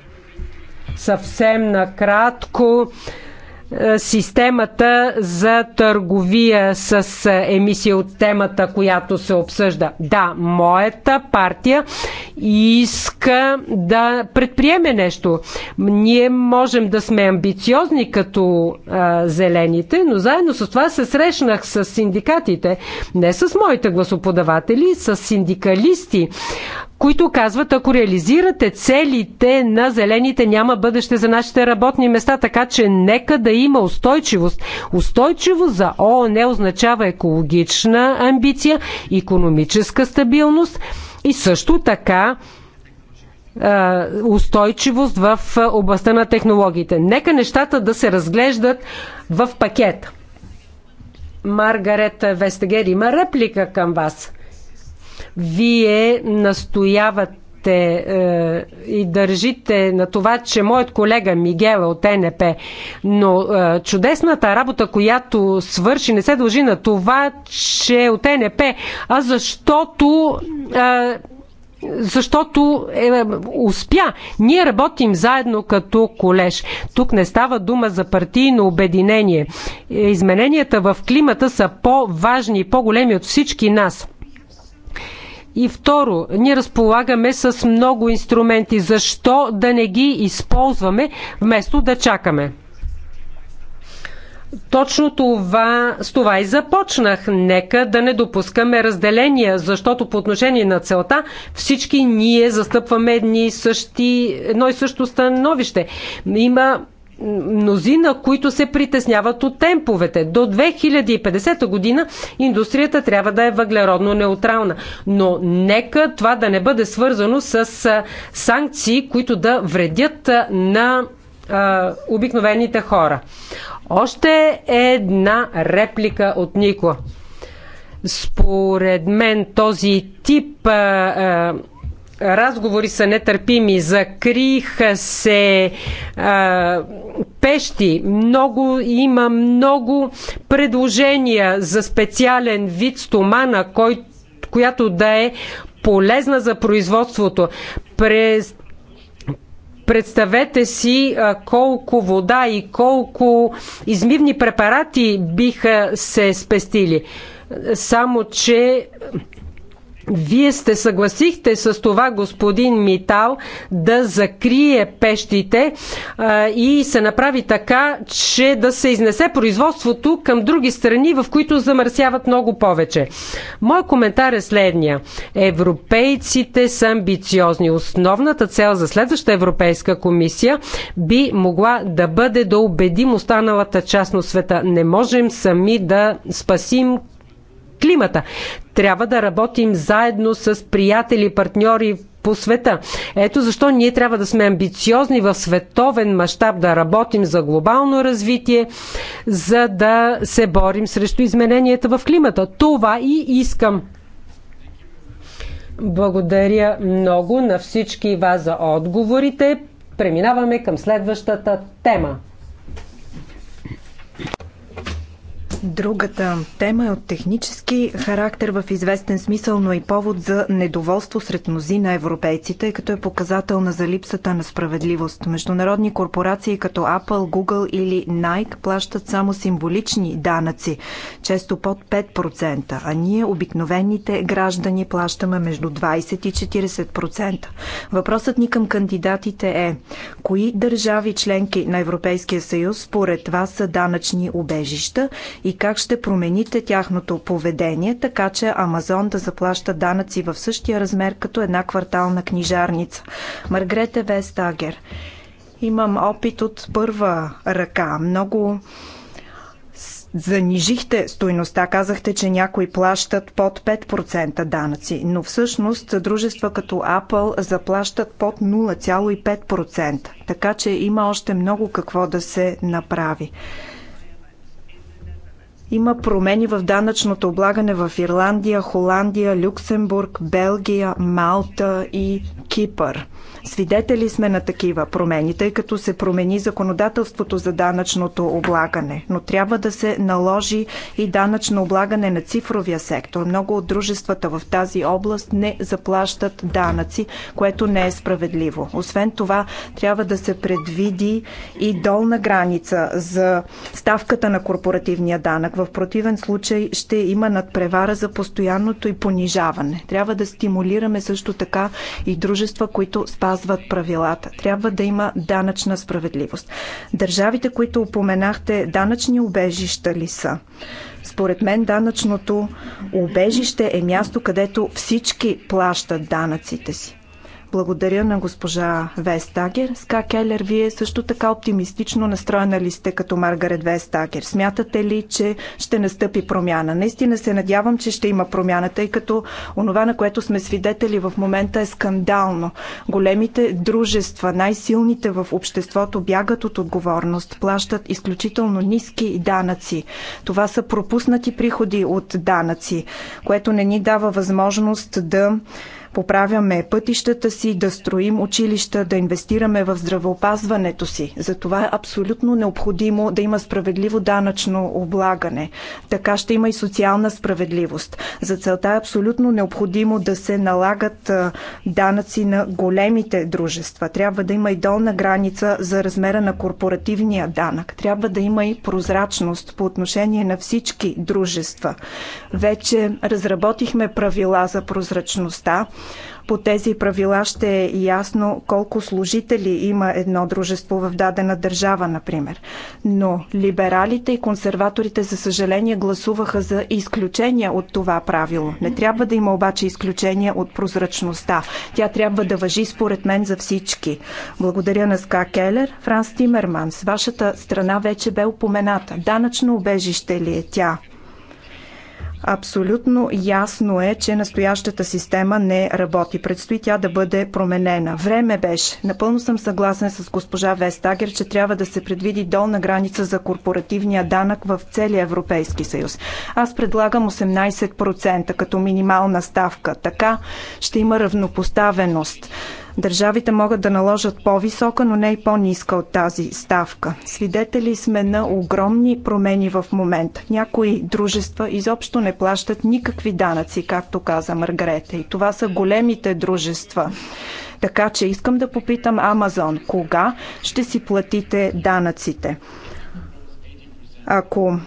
Speaker 2: Съвсем накратко е, системата за търговия с е, емисия от темата, която се обсъжда. Да, моята партия иска да предприеме нещо. Ние можем да сме амбициозни като а, е, зелените, но заедно с това се срещнах с синдикатите, не с моите гласоподаватели, с синдикалисти, които казват, ако реализирате целите на зелените, няма бъдеще за нашите работни места, така че нека да има устойчивост. Устойчивост за ООН означава екологична амбиция, економическа стабилност и също така устойчивост в областта на технологиите. Нека нещата да се разглеждат в пакет. Маргарет Вестегер има реплика към вас. Вие настоявате е, и държите на това, че моят колега Мигел е от НП, но е, чудесната работа, която свърши, не се дължи на това, че е от НП, а защото защото е, успя. Ние работим заедно като колеж. Тук не става дума за партийно обединение. Измененията в климата са по-важни и по-големи от всички нас. И второ, ние разполагаме с много инструменти. Защо да не ги използваме, вместо да чакаме? Точно това, с това и започнах. Нека да не допускаме разделения, защото по отношение на целта всички ние застъпваме едни и същи, едно и също становище. Има мнозина, които се притесняват от темповете. До 2050 година индустрията трябва да е въглеродно неутрална. Но нека това да не бъде свързано с санкции, които да вредят на а, обикновените хора. Още една реплика от Нико. Според мен този тип а, а, разговори са нетърпими. Закриха се а, пещи. Много, има много предложения за специален вид стомана, кой, която да е полезна за производството. През Представете си колко вода и колко измивни препарати биха се спестили. Само, че вие сте съгласихте с това господин Митал да закрие пещите а, и се направи така, че да се изнесе производството към други страни, в които замърсяват много повече. Мой коментар е следния. Европейците са амбициозни. Основната цел за следваща Европейска комисия би могла да бъде да убедим останалата част на света. Не можем сами да спасим климата. Трябва да работим заедно с приятели, партньори, по света. Ето защо ние трябва да сме амбициозни в световен мащаб да работим за глобално развитие, за да се борим срещу измененията в климата. Това и искам. Благодаря много на всички вас за отговорите. Преминаваме към следващата тема.
Speaker 3: Другата тема е от технически характер в известен смисъл, но и повод за недоволство сред мнози на европейците, като е показателна за липсата на справедливост. Международни корпорации като Apple, Google или Nike плащат само символични данъци, често под 5%, а ние, обикновените граждани, плащаме между 20 и 40%. Въпросът ни към кандидатите е, кои държави членки на Европейския съюз според вас са данъчни убежища и как ще промените тяхното поведение, така че Амазон да заплаща данъци в същия размер като една квартална книжарница. Маргрете Вестагер. Имам опит от първа ръка. Много занижихте стойността. Казахте, че някои плащат под 5% данъци, но всъщност дружества като Apple заплащат под 0,5%. Така че има още много какво да се направи. Има промени в данъчното облагане в Ирландия, Холандия, Люксембург, Белгия, Малта и Кипър. Свидетели сме на такива промени, тъй като се промени законодателството за данъчното облагане, но трябва да се наложи и данъчно облагане на цифровия сектор. Много от дружествата в тази област не заплащат данъци, което не е справедливо. Освен това, трябва да се предвиди и долна граница за ставката на корпоративния данък в противен случай ще има надпревара за постоянното и понижаване. Трябва да стимулираме също така и дружества, които спазват правилата. Трябва да има данъчна справедливост. Държавите, които упоменахте, данъчни убежища ли са? Според мен данъчното убежище е място, където всички плащат данъците си. Благодаря на госпожа Вестагер. Ска Келер, вие също така оптимистично настроена ли сте като Маргарет Вестагер? Смятате ли, че ще настъпи промяна? Наистина се надявам, че ще има промяна, тъй като онова, на което сме свидетели в момента е скандално. Големите дружества, най-силните в обществото бягат от отговорност, плащат изключително ниски данъци. Това са пропуснати приходи от данъци, което не ни дава възможност да поправяме пътищата си, да строим училища, да инвестираме в здравеопазването си. Затова е абсолютно необходимо да има справедливо данъчно облагане. Така ще има и социална справедливост. За целта е абсолютно необходимо да се налагат данъци на големите дружества. Трябва да има и долна граница за размера на корпоративния данък. Трябва да има и прозрачност по отношение на всички дружества. Вече разработихме правила за прозрачността. По тези правила ще е ясно колко служители има едно дружество в дадена държава, например. Но либералите и консерваторите, за съжаление, гласуваха за изключения от това правило. Не трябва да има обаче изключения от прозрачността. Тя трябва да въжи, според мен, за всички. Благодаря на Ска Келер, Франс Тимерманс. Вашата страна вече бе упомената. Данъчно убежище ли е тя? Абсолютно ясно е, че настоящата система не работи. Предстои тя да бъде променена. Време беше. Напълно съм съгласен с госпожа Вестагер, че трябва да се предвиди долна граница за корпоративния данък в целия Европейски съюз. Аз предлагам 18% като минимална ставка. Така ще има равнопоставеност Държавите могат да наложат по-висока, но не и по-ниска от тази ставка. Свидетели сме на огромни промени в момента. Някои дружества изобщо не плащат никакви данъци, както каза Маргарета. И това са големите дружества. Така че искам да попитам Амазон, кога ще си платите данъците? Ако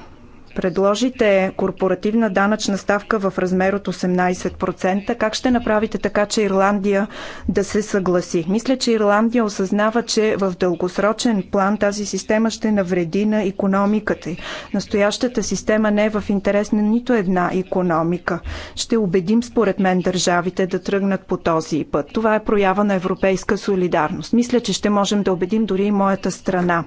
Speaker 3: предложите корпоративна данъчна ставка в размер от 18%, как ще направите така, че Ирландия да се съгласи? Мисля, че Ирландия осъзнава, че в дългосрочен план тази система ще навреди на економиката. Настоящата система не е в интерес на нито една економика. Ще убедим, според мен, държавите да тръгнат по този път. Това е проява на европейска солидарност. Мисля, че ще можем да убедим дори и моята страна.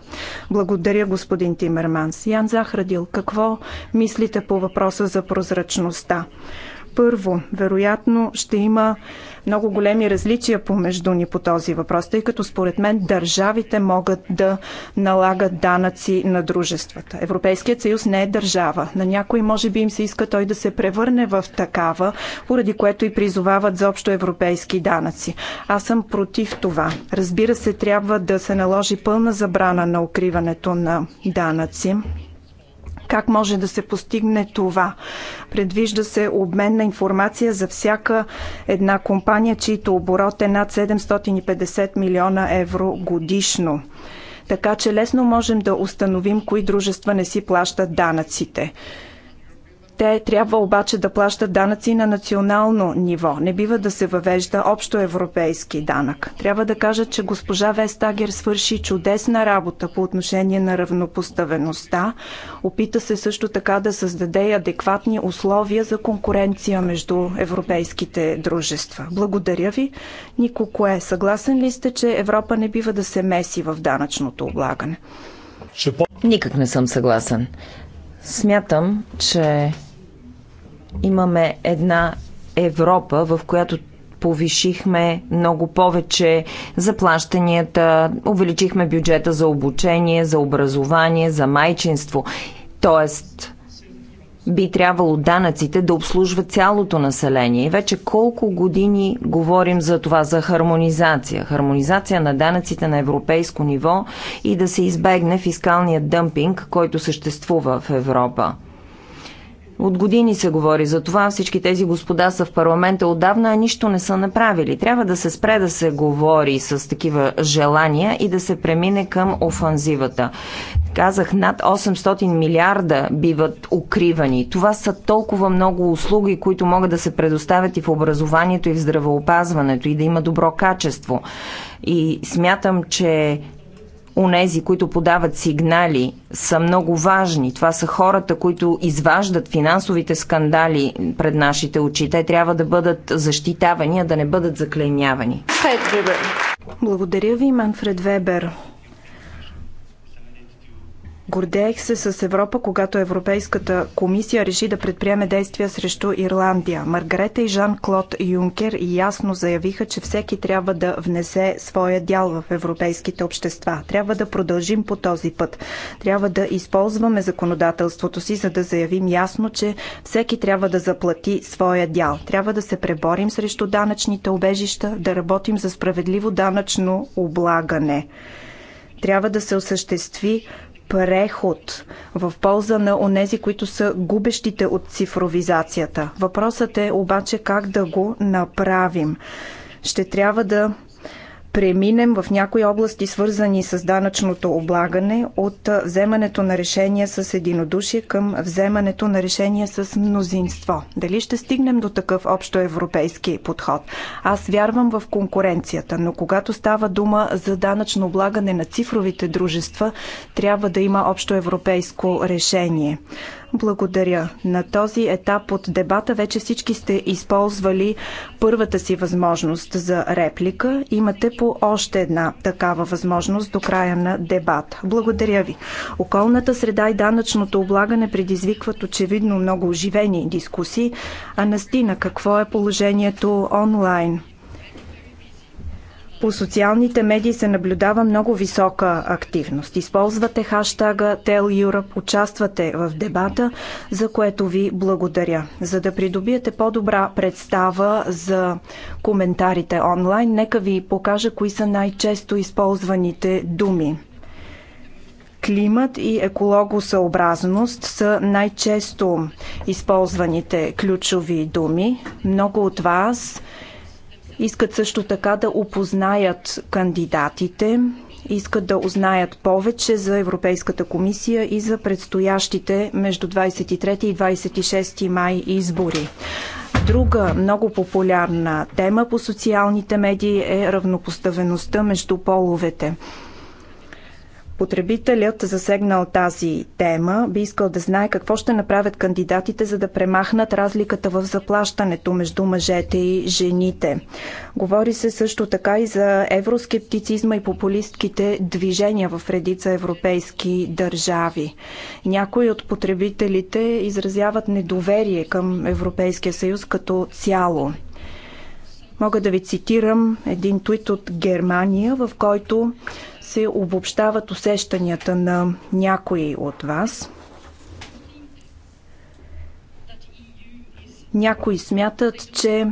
Speaker 3: Благодаря, господин Тимерманс. Ян Захрадил, какво мислите по въпроса за прозрачността? Първо, вероятно ще има много големи различия помежду ни по този въпрос, тъй като според мен държавите могат да налагат данъци на дружествата. Европейският съюз не е държава. На някой може би им се иска той да се превърне в такава, поради което и призовават за общо европейски данъци. Аз съм против това. Разбира се, трябва да се наложи пълна забрана на укриването на данъци. Как може да се постигне това? Предвижда се обмен на информация за всяка една компания, чийто оборот е над 750 милиона евро годишно така че лесно можем да установим кои дружества не си плащат данъците. Те трябва обаче да плащат данъци на национално ниво. Не бива да се въвежда общо европейски данък. Трябва да кажа, че госпожа Вестагер свърши чудесна работа по отношение на равнопоставеността. Опита се също така да създаде адекватни условия за конкуренция между европейските дружества. Благодаря ви. Нико Кое, съгласен ли сте, че Европа не бива да се меси в данъчното облагане? Никак не съм съгласен. Смятам, че
Speaker 1: имаме една Европа, в която повишихме много повече заплащанията, увеличихме бюджета за обучение, за образование, за майчинство. Тоест, би трябвало данъците да обслужват цялото население. И вече колко години говорим за това, за хармонизация. Хармонизация на данъците на европейско ниво и да се избегне фискалният дъмпинг, който съществува в Европа. От години се говори за това. Всички тези господа са в парламента отдавна, а нищо не са направили. Трябва да се спре да се говори с такива желания и да се премине към офанзивата. Казах, над 800 милиарда биват укривани. Това са толкова много услуги, които могат да се предоставят и в образованието, и в здравеопазването, и да има добро качество. И смятам, че онези, които подават сигнали, са много важни. Това са хората, които изваждат финансовите скандали пред нашите очи. Те трябва да бъдат защитавани, а да не бъдат заклеймявани.
Speaker 3: Благодаря ви, Манфред Вебер. Гордеех се с Европа, когато Европейската комисия реши да предприеме действия срещу Ирландия. Маргарета и Жан-Клод Юнкер ясно заявиха, че всеки трябва да внесе своя дял в европейските общества. Трябва да продължим по този път. Трябва да използваме законодателството си, за да заявим ясно, че всеки трябва да заплати своя дял. Трябва да се преборим срещу данъчните обежища, да работим за справедливо данъчно облагане трябва да се осъществи преход в полза на онези, които са губещите от цифровизацията. Въпросът е обаче как да го направим. Ще трябва да преминем в някои области, свързани с данъчното облагане, от вземането на решения с единодушие към вземането на решения с мнозинство. Дали ще стигнем до такъв общо европейски подход? Аз вярвам в конкуренцията, но когато става дума за данъчно облагане на цифровите дружества, трябва да има общо европейско решение. Благодаря. На този етап от дебата вече всички сте използвали първата си възможност за реплика. Имате по още една такава възможност до края на дебата. Благодаря ви. Околната среда и данъчното облагане предизвикват очевидно много оживени дискусии. А настина, какво е положението онлайн? По социалните медии се наблюдава много висока активност. Използвате хаштага Tell Europe, участвате в дебата, за което ви благодаря. За да придобиете по-добра представа за коментарите онлайн, нека ви покажа кои са най-често използваните думи климат и екологосъобразност са най-често използваните ключови думи. Много от вас Искат също така да опознаят кандидатите, искат да узнаят повече за Европейската комисия и за предстоящите между 23 и 26 май избори. Друга много популярна тема по социалните медии е равнопоставеността между половете. Потребителят, засегнал тази тема, би искал да знае какво ще направят кандидатите, за да премахнат разликата в заплащането между мъжете и жените. Говори се също така и за евроскептицизма и популистките движения в редица европейски държави. Някои от потребителите изразяват недоверие към Европейския съюз като цяло. Мога да ви цитирам един твит от Германия, в който се обобщават усещанията на някои от вас. Някои смятат, че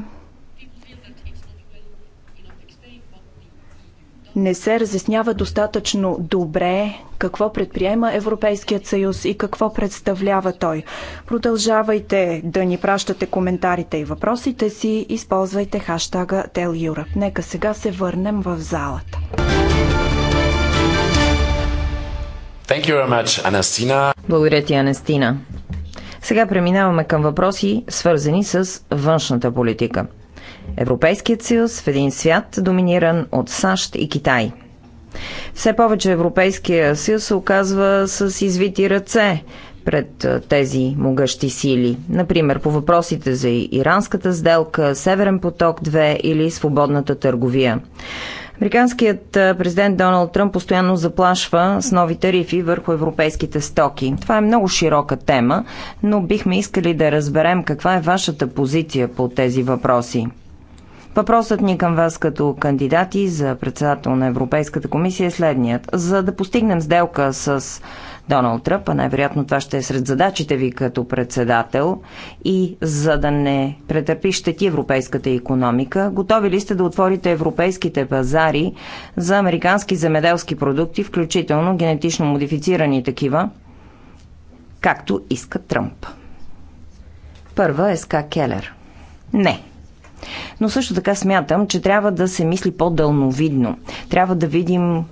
Speaker 3: не се разяснява достатъчно добре какво предприема Европейският съюз и какво представлява той. Продължавайте да ни пращате коментарите и въпросите си, използвайте хаштага TellEurope. Нека сега се върнем в залата.
Speaker 2: Thank you very much, Анастина.
Speaker 1: Благодаря ти, Анастина. Сега преминаваме към въпроси, свързани с външната политика. Европейският съюз в един свят, доминиран от САЩ и Китай. Все повече Европейския съюз се оказва с извити ръце пред тези могъщи сили. Например, по въпросите за иранската сделка, Северен поток 2 или свободната търговия. Американският президент Доналд Тръмп постоянно заплашва с нови тарифи върху европейските стоки. Това е много широка тема, но бихме искали да разберем каква е вашата позиция по тези въпроси. Въпросът ни към вас като кандидати за председател на Европейската комисия е следният. За да постигнем сделка с Доналд Тръп, а най-вероятно това ще е сред задачите ви като председател и за да не претърпи щети европейската економика, готови ли сте да отворите европейските пазари за американски земеделски продукти, включително генетично модифицирани такива, както иска Тръмп? Първа е СК Келер. Не. Но също така смятам, че трябва да се мисли по-дълновидно. Трябва да видим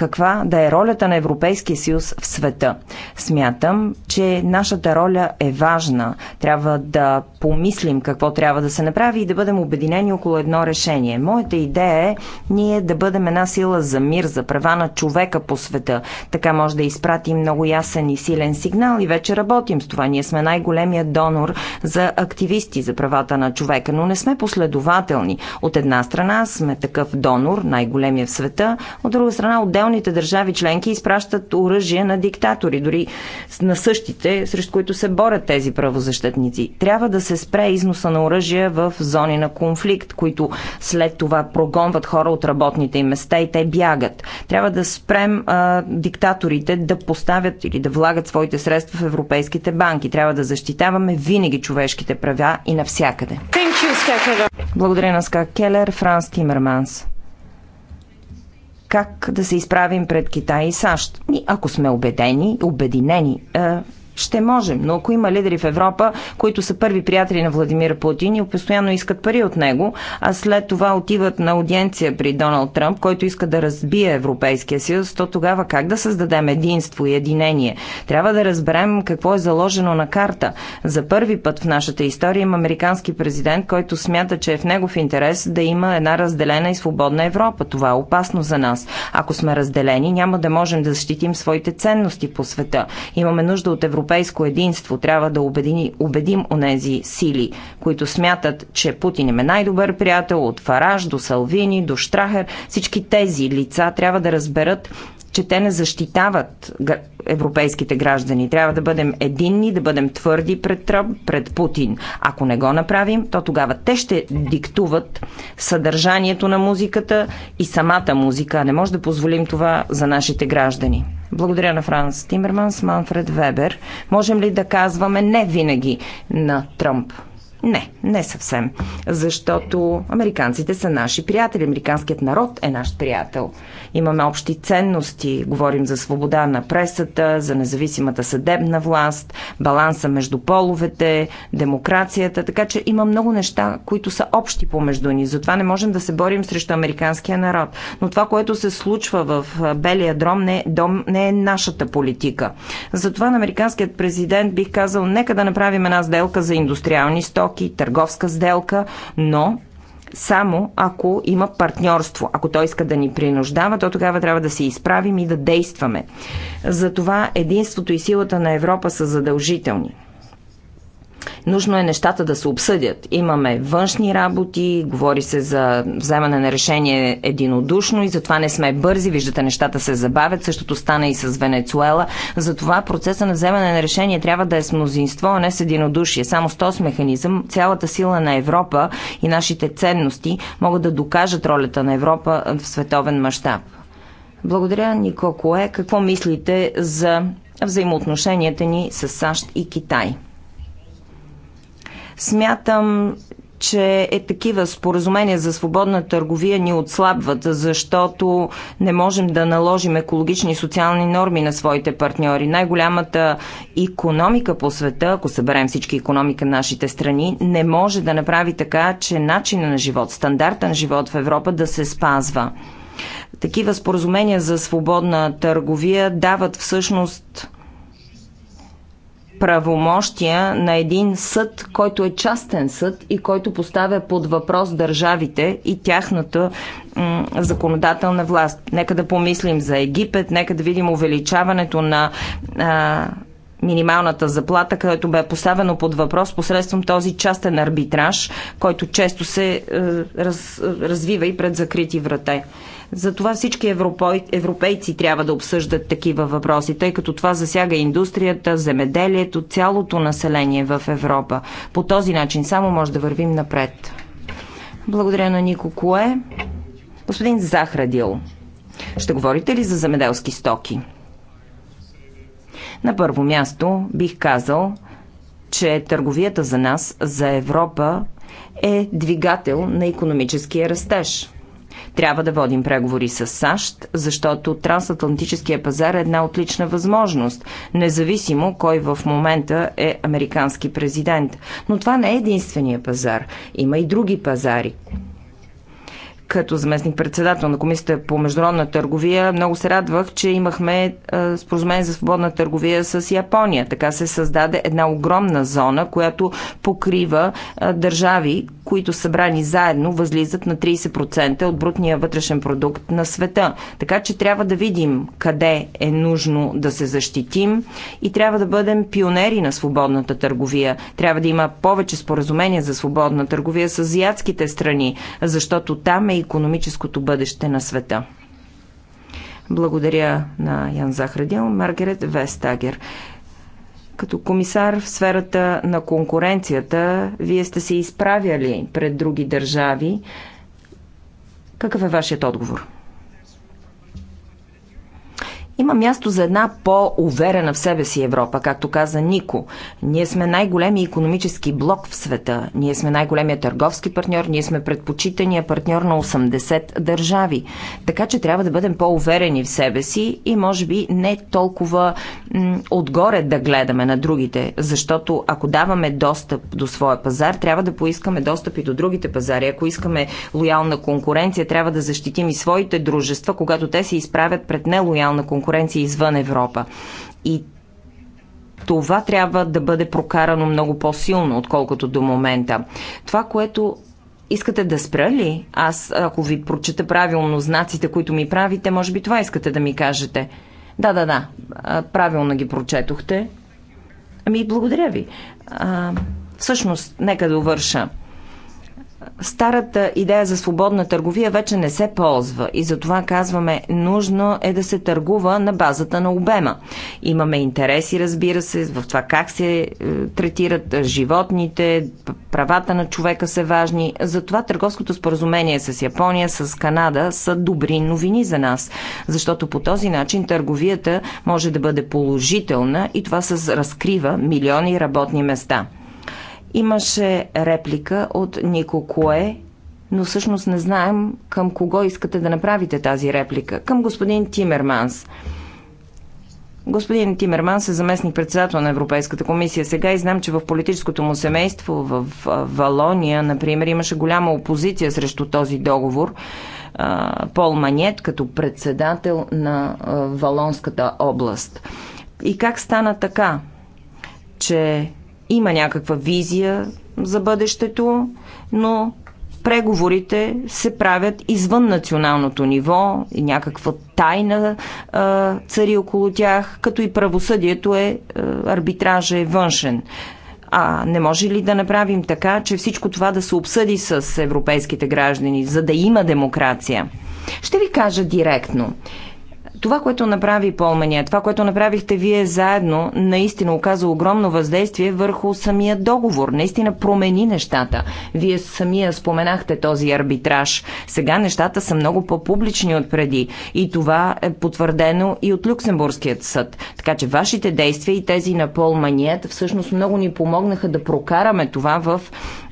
Speaker 1: каква да е ролята на Европейския съюз в света. Смятам, че нашата роля е важна. Трябва да помислим какво трябва да се направи и да бъдем обединени около едно решение. Моята идея е ние да бъдем една сила за мир, за права на човека по света. Така може да изпратим много ясен и силен сигнал и вече работим с това. Ние сме най-големия донор за активисти за правата на човека, но не сме последователни. От една страна сме такъв донор, най-големия в света, от друга страна отделно отделните държави членки изпращат оръжие на диктатори, дори на същите, срещу които се борят тези правозащитници. Трябва да се спре износа на оръжия в зони на конфликт, които след това прогонват хора от работните им места и те бягат. Трябва да спрем а, диктаторите да поставят или да влагат своите средства в европейските банки. Трябва да защитаваме винаги човешките права и навсякъде. Благодаря на Ска Келер, Франс Тимерманс как да се изправим пред Китай и САЩ. И ако сме убедени, обединени е, ще можем, но ако има лидери в Европа, които са първи приятели на Владимир Путин и постоянно искат пари от него, а след това отиват на аудиенция при Доналд Тръмп, който иска да разбие Европейския съюз, то тогава как да създадем единство и единение? Трябва да разберем какво е заложено на карта. За първи път в нашата история има американски президент, който смята, че е в негов интерес да има една разделена и свободна Европа. Това е опасно за нас. Ако сме разделени, няма да можем да защитим своите ценности по света. Имаме нужда от Европа европейско единство. Трябва да убедини, убедим онези сили, които смятат, че Путин им е най-добър приятел от Фараж до Салвини до Штрахер. Всички тези лица трябва да разберат, че те не защитават европейските граждани. Трябва да бъдем единни, да бъдем твърди пред Тръп, пред Путин. Ако не го направим, то тогава те ще диктуват съдържанието на музиката и самата музика. Не може да позволим това за нашите граждани. Благодаря на Франс Тимерманс, Манфред Вебер. Можем ли да казваме не винаги на Тръмп? Не, не съвсем. Защото американците са наши приятели. Американският народ е наш приятел. Имаме общи ценности. Говорим за свобода на пресата, за независимата съдебна власт, баланса между половете, демокрацията. Така че има много неща, които са общи помежду ни. Затова не можем да се борим срещу американския народ. Но това, което се случва в Белия дром, не, е дом, не е нашата политика. Затова на американският президент бих казал, нека да направим една сделка за индустриални стоки стоки, търговска сделка, но само ако има партньорство. Ако той иска да ни принуждава, то тогава трябва да се изправим и да действаме. Затова единството и силата на Европа са задължителни. Нужно е нещата да се обсъдят. Имаме външни работи, говори се за вземане на решение единодушно и затова не сме бързи. Виждате, нещата се забавят. Същото стана и с Венецуела. Затова процеса на вземане на решение трябва да е с мнозинство, а не с единодушие. Само с този механизъм цялата сила на Европа и нашите ценности могат да докажат ролята на Европа в световен мащаб. Благодаря, Нико Кое. Какво мислите за взаимоотношенията ни с САЩ и Китай? Смятам, че е такива споразумения за свободна търговия ни отслабват, защото не можем да наложим екологични и социални норми на своите партньори. Най-голямата економика по света, ако съберем всички економика на нашите страни, не може да направи така, че начина на живот, стандарта на живот в Европа да се спазва. Такива споразумения за свободна търговия дават всъщност правомощия на един съд, който е частен съд и който поставя под въпрос държавите и тяхната законодателна власт. Нека да помислим за Египет, нека да видим увеличаването на а, минималната заплата, където бе поставено под въпрос посредством този частен арбитраж, който често се а, е, раз, е, развива и пред закрити врата. Затова всички европейци трябва да обсъждат такива въпроси, тъй като това засяга индустрията, земеделието, цялото население в Европа. По този начин само може да вървим напред. Благодаря на Нико Кое. Господин Захрадил, ще говорите ли за земеделски стоки? На първо място бих казал, че търговията за нас, за Европа, е двигател на економическия растеж. Трябва да водим преговори с САЩ, защото трансатлантическия пазар е една отлична възможност, независимо кой в момента е американски президент. Но това не е единствения пазар. Има и други пазари като заместник-председател на Комисията по международна търговия, много се радвах, че имахме е, споразумение за свободна търговия с Япония. Така се създаде една огромна зона, която покрива е, държави, които събрани заедно възлизат на 30% от брутния вътрешен продукт на света. Така че трябва да видим къде е нужно да се защитим и трябва да бъдем пионери на свободната търговия. Трябва да има повече споразумения за свободна търговия с азиатските страни, защото там е економическото бъдеще на света. Благодаря на Ян Захрадил, Маргарет Вестагер. Като комисар в сферата на конкуренцията, вие сте се изправяли пред други държави. Какъв е вашият отговор? Има място за една по-уверена в себе си Европа, както каза Нико. Ние сме най големи економически блок в света. Ние сме най-големия търговски партньор. Ние сме предпочитания партньор на 80 държави. Така че трябва да бъдем по-уверени в себе си и може би не толкова отгоре да гледаме на другите. Защото ако даваме достъп до своя пазар, трябва да поискаме достъп и до другите пазари. Ако искаме лоялна конкуренция, трябва да защитим и своите дружества, когато те се изправят пред нелоялна конкуренция конкуренция извън Европа. И това трябва да бъде прокарано много по-силно, отколкото до момента. Това, което искате да спра ли? Аз, ако ви прочета правилно знаците, които ми правите, може би това искате да ми кажете. Да, да, да. Правилно ги прочетохте. Ами, благодаря ви. А, всъщност, нека да довърша старата идея за свободна търговия вече не се ползва и затова казваме нужно е да се търгува на базата на обема. Имаме интереси, разбира се, в това как се е, третират е, животните, правата на човека са важни. Затова търговското споразумение с Япония, с Канада са добри новини за нас, защото по този начин търговията може да бъде положителна и това се разкрива милиони работни места. Имаше реплика от Нико Кое, но всъщност не знаем към кого искате да направите тази реплика. Към господин Тимерманс. Господин Тимерманс е заместник председател на Европейската комисия сега и знам, че в политическото му семейство в Валония, например, имаше голяма опозиция срещу този договор. Пол Манет като председател на Валонската област. И как стана така, че има някаква визия за бъдещето, но преговорите се правят извън националното ниво и някаква тайна а, цари около тях, като и правосъдието е, арбитража е външен. А не може ли да направим така, че всичко това да се обсъди с европейските граждани, за да има демокрация? Ще ви кажа директно. Това, което направи Полмания, това, което направихте вие заедно, наистина оказа огромно въздействие върху самия договор. Наистина промени нещата. Вие самия споменахте този арбитраж. Сега нещата са много по-публични от преди. И това е потвърдено и от Люксембургският съд. Така че вашите действия и тези на Полмания всъщност много ни помогнаха да прокараме това в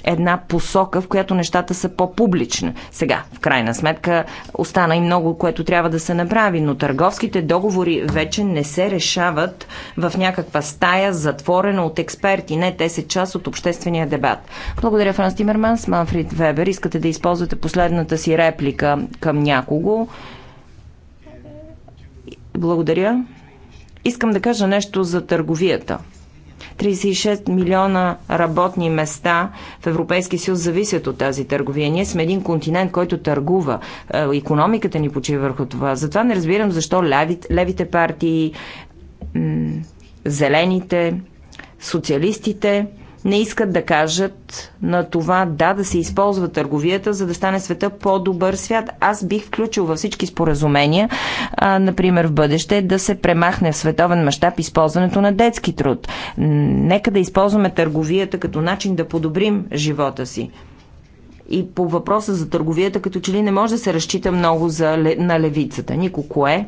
Speaker 1: една посока, в която нещата са по-публични. Сега, в крайна сметка, остана и много, което трябва да се направи, но търг Търговските договори вече не се решават в някаква стая, затворена от експерти. Не, те са част от обществения дебат. Благодаря, Франс Тимерманс. Манфрид Вебер, искате да използвате последната си реплика към някого? Благодаря. Искам да кажа нещо за търговията. 36 милиона работни места в Европейския съюз зависят от тази търговия. Ние сме един континент, който търгува. Економиката ни почива върху това. Затова не разбирам защо левите, левите партии, зелените, социалистите не искат да кажат на това да, да се използва търговията, за да стане света по-добър свят. Аз бих включил във всички споразумения, а, например в бъдеще, да се премахне в световен мащаб използването на детски труд. Нека да използваме търговията като начин да подобрим живота си. И по въпроса за търговията, като че ли не може да се разчита много за, на левицата. Нико кое?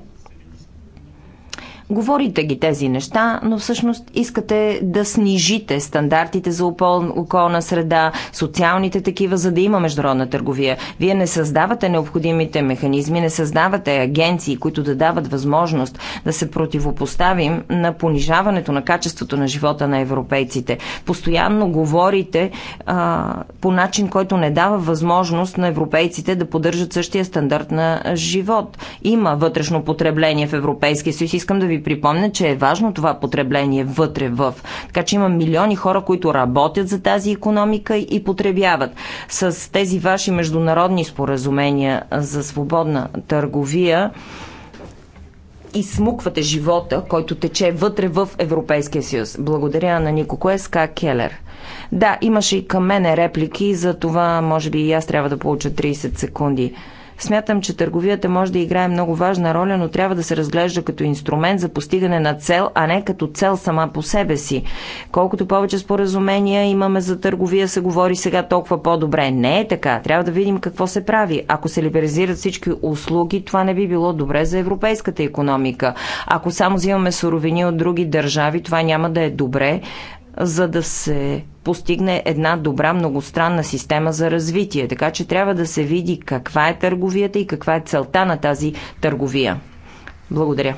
Speaker 1: Говорите ги тези неща, но всъщност искате да снижите стандартите за околна среда, социалните такива, за да има международна търговия. Вие не създавате необходимите механизми, не създавате агенции, които да дават възможност да се противопоставим на понижаването на качеството на живота на европейците. Постоянно говорите а, по начин, който не дава възможност на европейците да поддържат същия стандарт на живот. Има вътрешно потребление в Европейския съюз. Искам да ви припомня, че е важно това потребление вътре в. Така че има милиони хора, които работят за тази економика и потребяват. С тези ваши международни споразумения за свободна търговия и смуквате живота, който тече вътре в Европейския съюз. Благодаря на Нико Куеска Келер. Да, имаше и към мене реплики, за това може би и аз трябва да получа 30 секунди. Смятам, че търговията може да играе много важна роля, но трябва да се разглежда като инструмент за постигане на цел, а не като цел сама по себе си. Колкото повече споразумения имаме за търговия, се говори сега толкова по-добре. Не е така. Трябва да видим какво се прави. Ако се либерализират всички услуги, това не би било добре за европейската економика. Ако само взимаме суровини от други държави, това няма да е добре за да се постигне една добра многостранна система за развитие. Така че трябва да се види каква е търговията и каква е целта на тази търговия. Благодаря.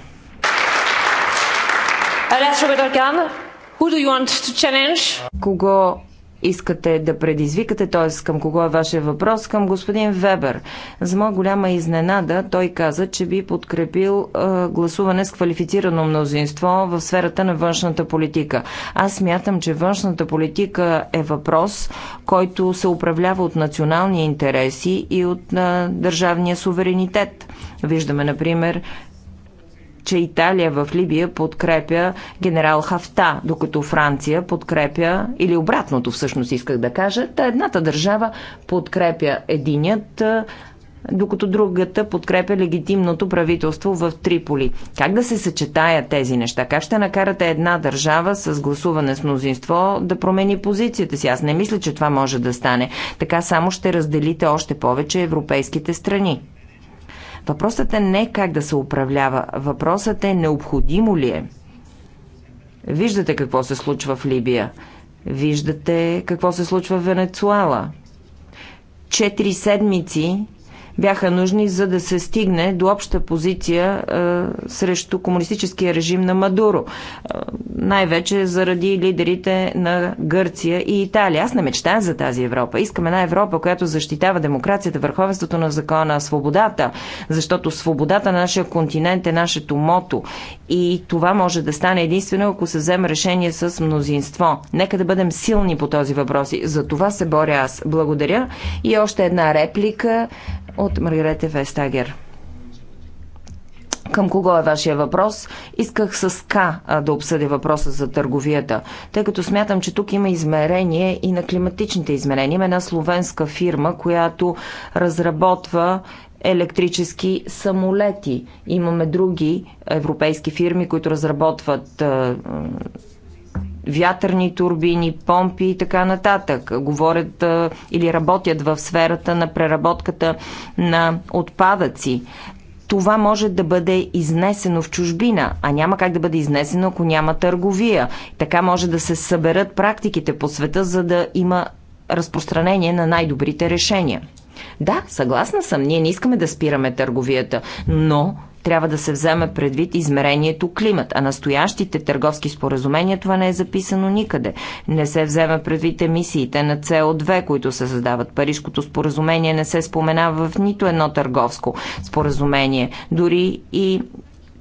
Speaker 1: Кого искате да предизвикате, т.е. към кого е вашия въпрос, към господин Вебер. За моя голяма изненада той каза, че би подкрепил гласуване с квалифицирано мнозинство в сферата на външната политика. Аз смятам, че външната политика е въпрос, който се управлява от национални интереси и от държавния суверенитет. Виждаме, например, че Италия в Либия подкрепя генерал Хафта, докато Франция подкрепя, или обратното всъщност исках да кажа, та едната държава подкрепя единят, докато другата подкрепя легитимното правителство в Триполи. Как да се съчетаят тези неща? Как ще накарате една държава с гласуване с мнозинство да промени позицията си? Аз не мисля, че това може да стане. Така само ще разделите още повече европейските страни. Въпросът е не как да се управлява, въпросът е необходимо ли е. Виждате какво се случва в Либия. Виждате какво се случва в Венецуела. Четири седмици бяха нужни, за да се стигне до обща позиция а, срещу комунистическия режим на Мадуро. най-вече заради лидерите на Гърция и Италия. Аз не мечтая за тази Европа. Искам една Европа, която защитава демокрацията, върховенството на закона, свободата, защото свободата на нашия континент е нашето мото. И това може да стане единствено, ако се вземе решение с мнозинство. Нека да бъдем силни по този въпрос. За това се боря аз. Благодаря. И още една реплика от Маргарете Вестагер. Към кого е вашия въпрос? Исках с К да обсъдя въпроса за търговията, тъй като смятам, че тук има измерение и на климатичните измерения. Има една словенска фирма, която разработва електрически самолети. Имаме други европейски фирми, които разработват вятърни турбини, помпи и така нататък. Говорят или работят в сферата на преработката на отпадъци. Това може да бъде изнесено в чужбина, а няма как да бъде изнесено, ако няма търговия. Така може да се съберат практиките по света, за да има разпространение на най-добрите решения. Да, съгласна съм, ние не искаме да спираме търговията, но трябва да се вземе предвид измерението климат, а настоящите търговски споразумения това не е записано никъде. Не се вземе предвид емисиите на СО2, които се създават. Парижското споразумение не се споменава в нито едно търговско споразумение. Дори и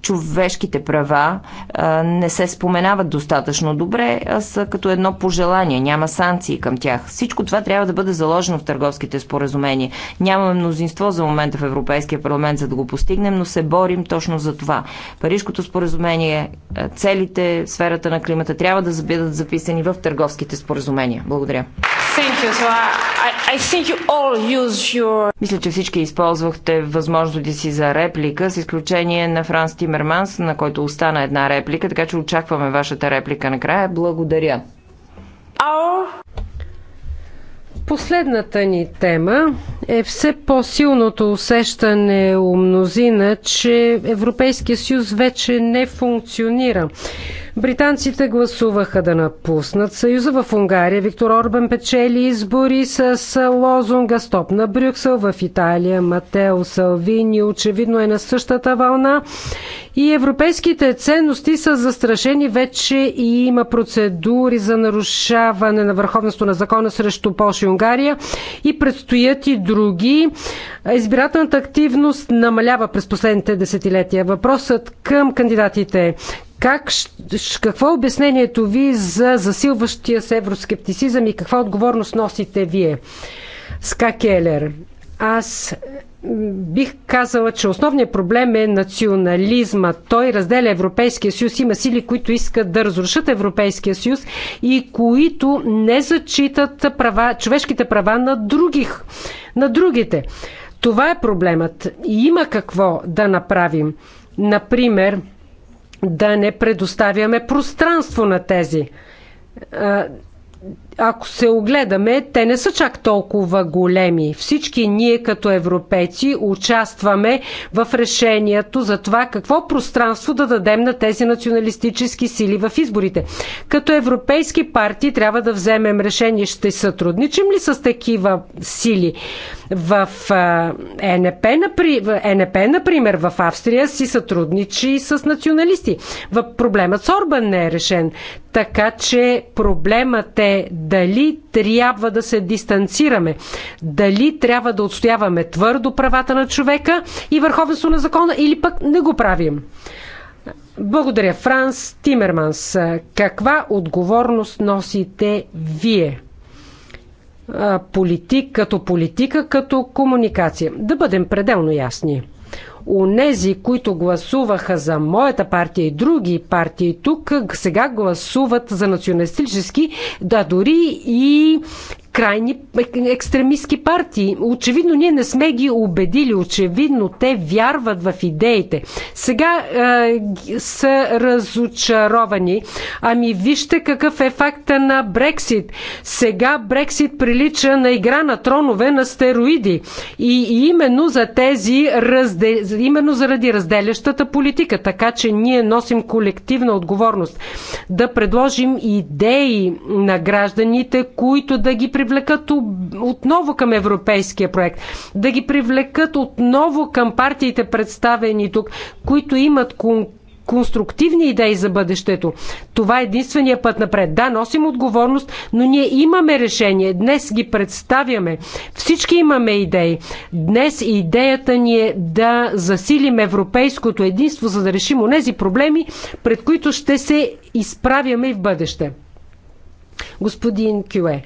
Speaker 1: човешките права а, не се споменават достатъчно добре, а са като едно пожелание. Няма санкции към тях. Всичко това трябва да бъде заложено в търговските споразумения. Нямаме мнозинство за момента в Европейския парламент, за да го постигнем, но се борим точно за това. Парижкото споразумение, целите, сферата на климата трябва да бъдат записани в търговските споразумения. Благодаря. Мисля, че всички използвахте възможности си за реплика, с изключение на Франс Тим Тимерманс, на който остана една реплика, така че очакваме вашата реплика накрая. Благодаря.
Speaker 2: Ау! Последната ни тема е все по-силното усещане у мнозина, че Европейския съюз вече не функционира. Британците гласуваха да напуснат Съюза. В Унгария Виктор Орбан печели избори с лозунга Стоп на Брюксел. В Италия Матео Салвини очевидно е на същата вълна. И европейските ценности са застрашени. Вече и има процедури за нарушаване на върховенство на закона срещу Польша и Унгария. И предстоят и други. Избирателната активност намалява през последните десетилетия. Въпросът към кандидатите как, какво е обяснението ви за засилващия се евроскептицизъм и каква отговорност носите вие? Ска Келер, аз бих казала, че основният проблем е национализма. Той разделя Европейския съюз. Има сили, които искат да разрушат Европейския съюз и които не зачитат права, човешките права на, других, на другите. Това е проблемът. И има какво да направим. Например, да не предоставяме пространство на тези ако се огледаме, те не са чак толкова големи. Всички ние като европейци участваме в решението за това какво пространство да дадем на тези националистически сили в изборите. Като европейски партии трябва да вземем решение, ще сътрудничим ли с такива сили? В ЕНП, ЕНП, например, в Австрия си сътрудничи с националисти. Проблемът с Орбан не е решен. Така че проблемът е дали трябва да се дистанцираме, дали трябва да отстояваме твърдо правата на човека и върховенство на закона или пък не го правим. Благодаря, Франс Тимерманс. Каква отговорност носите вие? Политик като политика, като комуникация. Да бъдем пределно ясни. Онези, които гласуваха за моята партия и други партии тук, сега гласуват за националистически, да дори и крайни екстремистски партии. Очевидно ние не сме ги убедили, очевидно те вярват в идеите. Сега е, са разочаровани. Ами вижте какъв е факта на Брексит. Сега Брексит прилича на игра на тронове на стероиди. И, и именно за тези разде... именно заради разделящата политика, така че ние носим колективна отговорност да предложим идеи на гражданите, които да ги привлекат отново към европейския проект, да ги привлекат отново към партиите представени тук, които имат конкурс конструктивни идеи за бъдещето. Това е единствения път напред. Да, носим отговорност, но ние имаме решение. Днес ги представяме. Всички имаме идеи. Днес идеята ни е да засилим европейското единство, за да решим онези проблеми, пред които ще се изправяме и в бъдеще. Господин Кюе.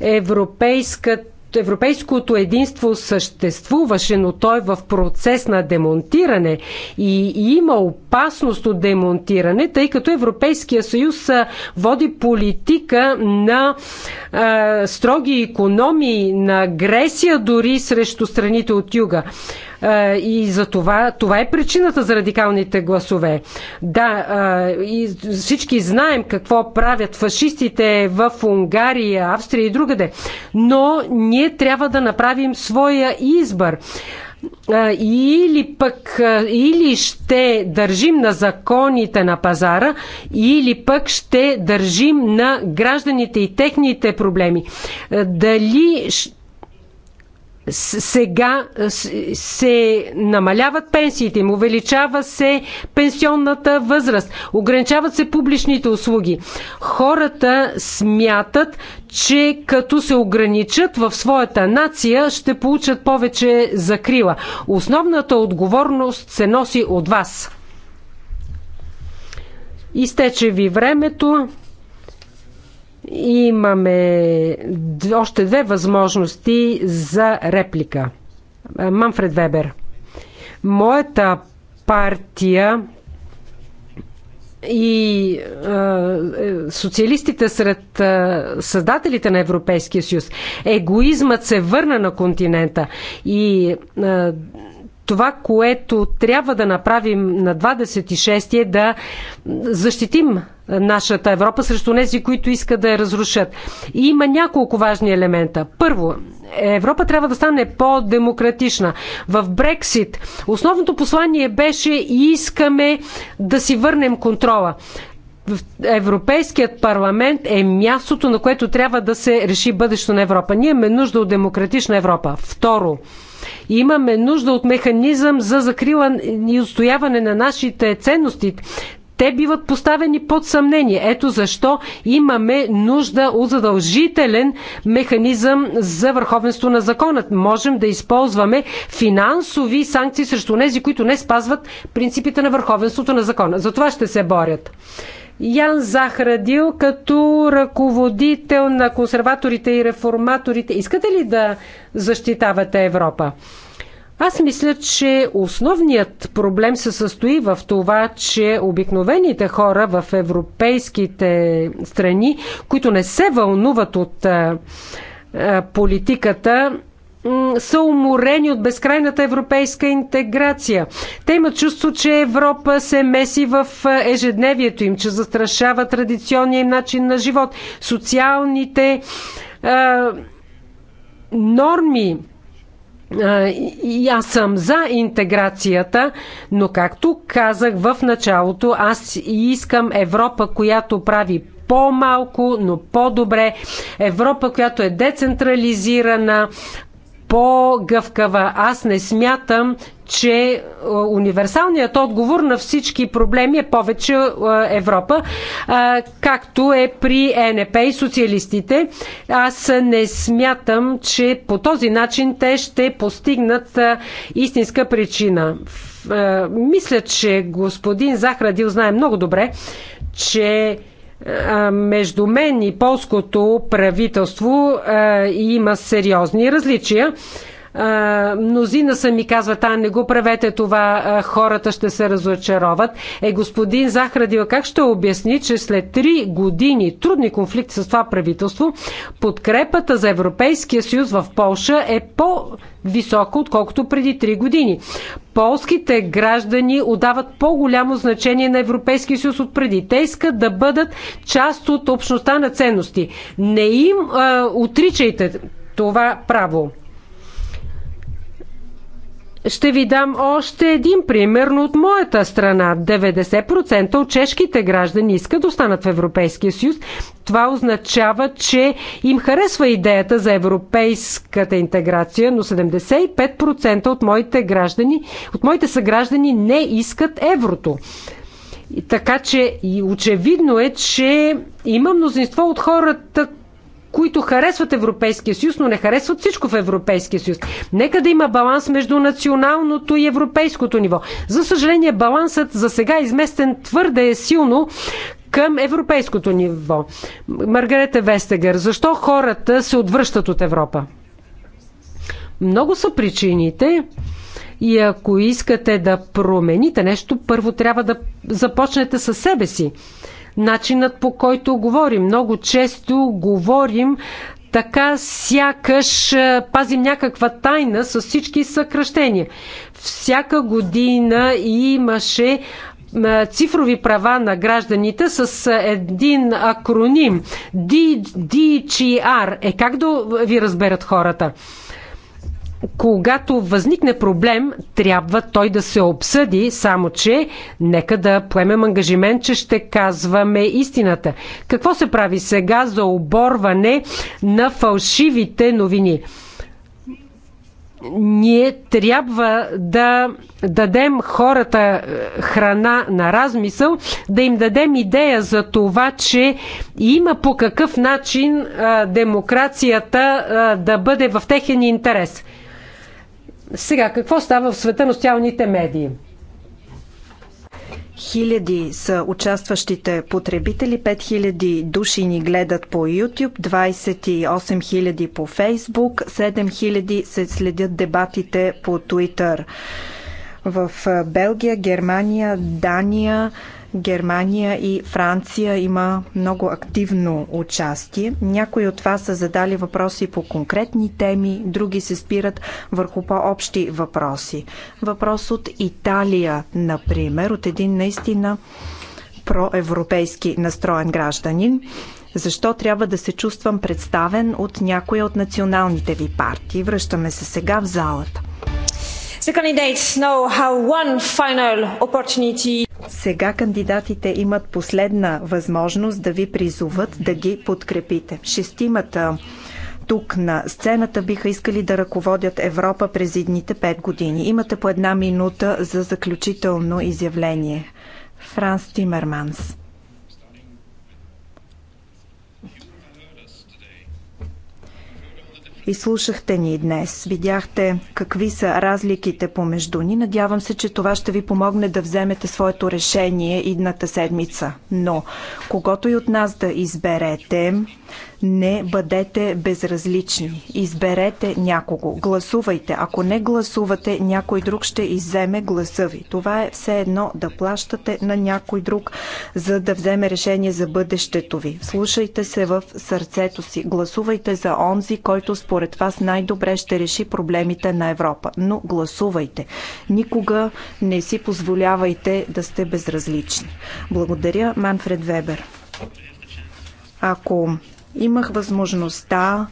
Speaker 2: Европейската европейското единство съществуваше, но той е в процес на демонтиране и има опасност от демонтиране, тъй като Европейския съюз води политика на е, строги економии, на агресия дори срещу страните от юга. И за това, това е причината за радикалните гласове. Да, и всички знаем какво правят фашистите в Унгария, Австрия и другаде. Но ние трябва да направим своя избор или пък или ще държим на законите на пазара, или пък ще държим на гражданите и техните проблеми. Дали ще? сега е, се намаляват пенсиите им, увеличава се пенсионната възраст, ограничават се публичните услуги. Хората смятат, че като се ограничат в своята нация, ще получат повече закрила. Основната отговорност се носи от вас. Изтече ви времето. Имаме още две възможности за реплика. Манфред Вебер. Моята партия и е, социалистите сред е, създателите на Европейския съюз. Егоизмът се върна на континента и е, това, което трябва да направим на 26 е да защитим нашата Европа срещу тези, които искат да я разрушат. И има няколко важни елемента. Първо, Европа трябва да стане по-демократична. В Брексит основното послание беше и искаме да си върнем контрола. Европейският парламент е мястото, на което трябва да се реши бъдещето на Европа. Ние имаме нужда от демократична Европа. Второ, Имаме нужда от механизъм за закрила и устояване на нашите ценности те биват поставени под съмнение. Ето защо имаме нужда от задължителен механизъм за върховенство на законът. Можем да използваме финансови санкции срещу тези, които не спазват принципите на върховенството на закона. За това ще се борят. Ян Захрадил като ръководител на консерваторите и реформаторите. Искате ли да защитавате Европа? Аз мисля, че основният проблем се състои в това, че обикновените хора в европейските страни, които не се вълнуват от политиката, са уморени от безкрайната европейска интеграция. Те имат чувство, че Европа се меси в е, ежедневието им, че застрашава традиционния им начин на живот, социалните а, е, норми. А, е, и аз съм за интеграцията, но както казах в началото, аз искам Европа, която прави по-малко, но по-добре. Европа, която е децентрализирана, по-гъвкава. Аз не смятам, че е, универсалният отговор на всички проблеми е повече е, Европа, е, както е при ЕНП и социалистите. Аз не смятам, че по този начин те ще постигнат истинска причина. Мисля, че господин Захрадил знае много добре, че между мен и полското правителство има сериозни различия мнозина са ми казват, а не го правете това, хората ще се разочароват. Е, господин Захрадил, как ще обясни, че след три години трудни конфликти с това правителство, подкрепата за Европейския съюз в Полша е по висока, отколкото преди 3 години. Полските граждани отдават по-голямо значение на Европейския съюз от преди. Те искат да бъдат част от общността на ценности. Не им а, отричайте това право. Ще ви дам още един пример, но от моята страна 90% от чешките граждани искат да останат в Европейския съюз. Това означава, че им харесва идеята за европейската интеграция, но 75% от моите граждани, от моите съграждани не искат еврото. Така че очевидно е, че има мнозинство от хората, които харесват Европейския съюз, но не харесват всичко в Европейския съюз. Нека да има баланс между националното и европейското ниво. За съжаление, балансът за сега е изместен твърде е силно към европейското ниво. Маргарета Вестегър, защо хората се отвръщат от Европа? Много са причините. И ако искате да промените нещо, първо трябва да започнете със себе си начинът по който говорим. Много често говорим така сякаш е, пазим някаква тайна с всички съкръщения. Всяка година имаше е, цифрови права на гражданите с един акроним. DGR. Е как да ви разберат хората? когато възникне проблем, трябва той да се обсъди, само че нека да поемем ангажимент, че ще казваме истината. Какво се прави сега за оборване на фалшивите новини? Ние трябва да дадем хората е, храна на размисъл, да им дадем идея за това, че има по какъв начин е, демокрацията е, да бъде в техен интерес. Сега, какво става в света на социалните медии? Хиляди са участващите потребители,
Speaker 3: 5000 души ни гледат по YouTube, 28 000 по Facebook, 7 000 се следят дебатите по Twitter. В Белгия, Германия, Дания, Германия и Франция има много активно участие. Някои от вас са задали въпроси по конкретни теми, други се спират върху по-общи въпроси. Въпрос от Италия, например, от един наистина проевропейски настроен гражданин. Защо трябва да се чувствам представен от някоя от националните ви партии? Връщаме се сега в залата. Сега кандидатите имат последна възможност да ви призоват да ги подкрепите. Шестимата тук на сцената биха искали да ръководят Европа през едните пет години. Имате по една минута за заключително изявление. Франс Тимерманс. Изслушахте ни днес. Видяхте какви са разликите помежду ни. Надявам се, че това ще ви помогне да вземете своето решение идната седмица. Но, когато и от нас да изберете, не бъдете безразлични. Изберете някого. Гласувайте. Ако не гласувате, някой друг ще изземе гласа ви. Това е все едно да плащате на някой друг, за да вземе решение за бъдещето ви. Слушайте се в сърцето си. Гласувайте за онзи, който според вас най-добре ще реши проблемите на Европа. Но гласувайте. Никога не си позволявайте да сте безразлични. Благодаря, Манфред Вебер. Ако Имах възможността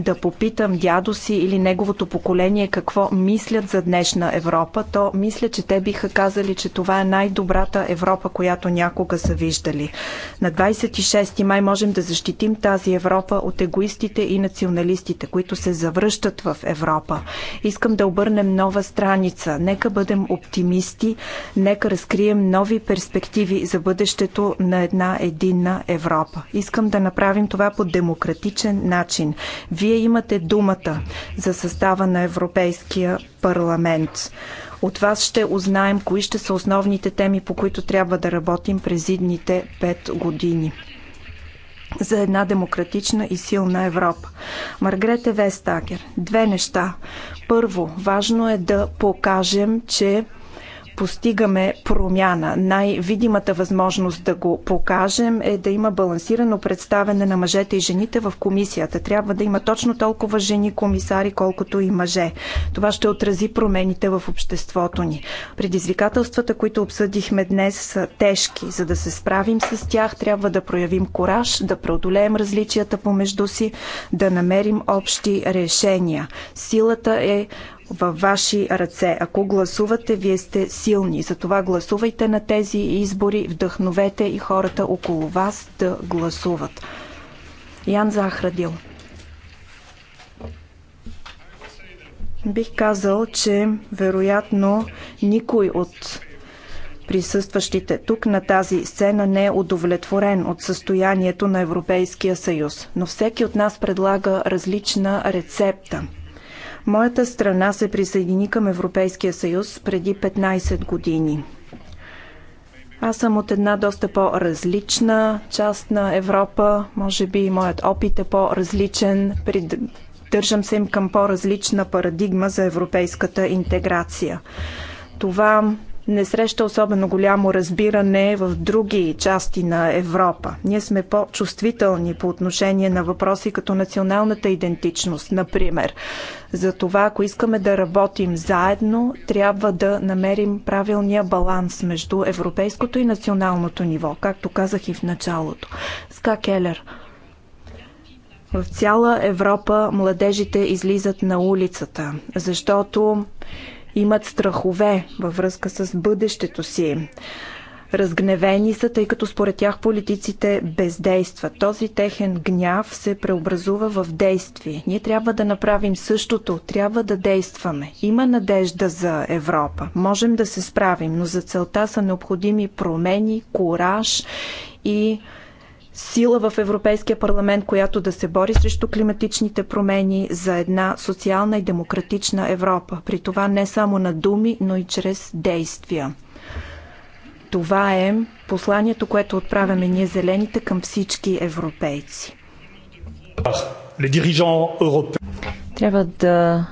Speaker 3: да попитам дядо си или неговото поколение какво мислят за днешна Европа, то мисля, че те биха казали, че това е най-добрата Европа, която някога са виждали. На 26 май можем да защитим тази Европа от егоистите и националистите, които се завръщат в Европа. Искам да обърнем нова страница. Нека бъдем оптимисти, нека разкрием нови перспективи за бъдещето на една единна Европа. Искам да направим това по демократичен начин. Вие вие имате думата за състава на Европейския парламент. От вас ще узнаем кои ще са основните теми, по които трябва да работим през идните пет години за една демократична и силна Европа. Маргрете Вестагер, две неща. Първо, важно е да покажем, че постигаме промяна. Най-видимата възможност да го покажем е да има балансирано представене на мъжете и жените в комисията. Трябва да има точно толкова жени комисари, колкото и мъже. Това ще отрази промените в обществото ни. Предизвикателствата, които обсъдихме днес, са тежки. За да се справим с тях, трябва да проявим кораж, да преодолеем различията помежду си, да намерим общи решения. Силата е във ваши ръце. Ако гласувате, вие сте силни. Затова гласувайте на тези избори, вдъхновете и хората около вас да гласуват. Ян Захрадил. Бих казал, че вероятно никой от присъстващите тук на тази сцена не е удовлетворен от състоянието на Европейския съюз, но всеки от нас предлага различна рецепта – Моята страна се присъедини към Европейския съюз преди 15 години. Аз съм от една доста по-различна част на Европа. Може би моят опит е по-различен. придържам се им към по-различна парадигма за европейската интеграция. Това не среща особено голямо разбиране в други части на Европа. Ние сме по-чувствителни по отношение на въпроси като националната идентичност, например. За това, ако искаме да работим заедно, трябва да намерим правилния баланс между европейското и националното ниво, както казах и в началото. Ска Келер. В цяла Европа младежите излизат на улицата, защото имат страхове във връзка с бъдещето си. Разгневени са, тъй като според тях политиците бездействат. Този техен гняв се преобразува в действие. Ние трябва да направим същото, трябва да действаме. Има надежда за Европа. Можем да се справим, но за целта са необходими промени, кураж и сила в Европейския парламент, която да се бори срещу климатичните промени за една социална и демократична Европа. При това не само на думи, но и чрез действия. Това е посланието, което отправяме ние зелените към всички европейци. Трябва
Speaker 1: да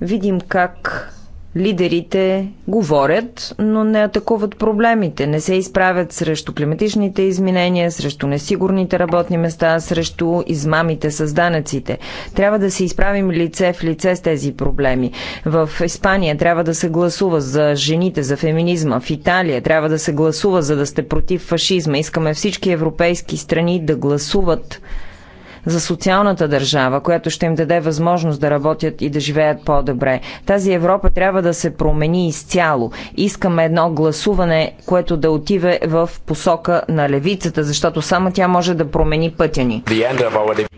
Speaker 1: видим как лидерите говорят, но не атакуват проблемите, не се изправят срещу климатичните изменения, срещу несигурните работни места, срещу измамите с данъците. Трябва да се изправим лице в лице с тези проблеми. В Испания трябва да се гласува за жените, за феминизма. В Италия трябва да се гласува за да сте против фашизма. Искаме всички европейски страни да гласуват за социалната държава, която ще им даде възможност да работят и да живеят по-добре. Тази Европа трябва да се промени изцяло. Искаме едно гласуване, което да отиве в посока на левицата, защото само тя може да промени пътя ни.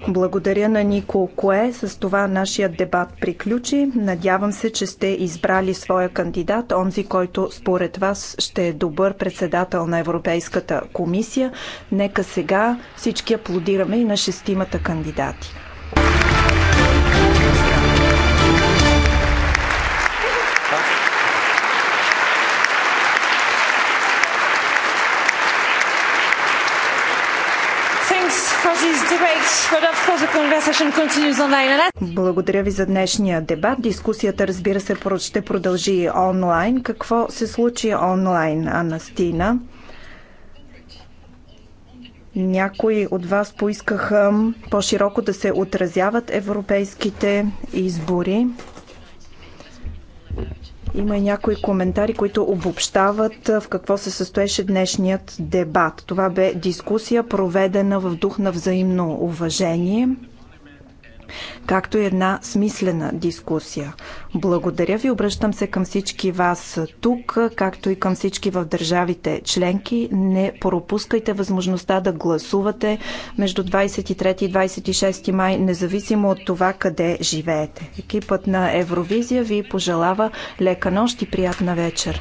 Speaker 3: Благодаря на Нико Кое. С това нашият дебат приключи. Надявам се, че сте избрали своя кандидат, онзи, който според вас ще е добър председател на Европейската комисия. Нека сега всички аплодираме и на шестимата тримата кандидати. Благодаря ви за днешния дебат. Дискусията, разбира се, ще продължи онлайн. Какво се случи онлайн, Анастина? Някои от вас поискаха по-широко да се отразяват европейските избори. Има и някои коментари, които обобщават в какво се състоеше днешният дебат. Това бе дискусия, проведена в дух на взаимно уважение както и една смислена дискусия. Благодаря ви, обръщам се към всички вас тук, както и към всички в държавите членки. Не пропускайте възможността да гласувате между 23 и 26 май, независимо от това къде живеете. Екипът на Евровизия ви пожелава лека нощ и приятна вечер.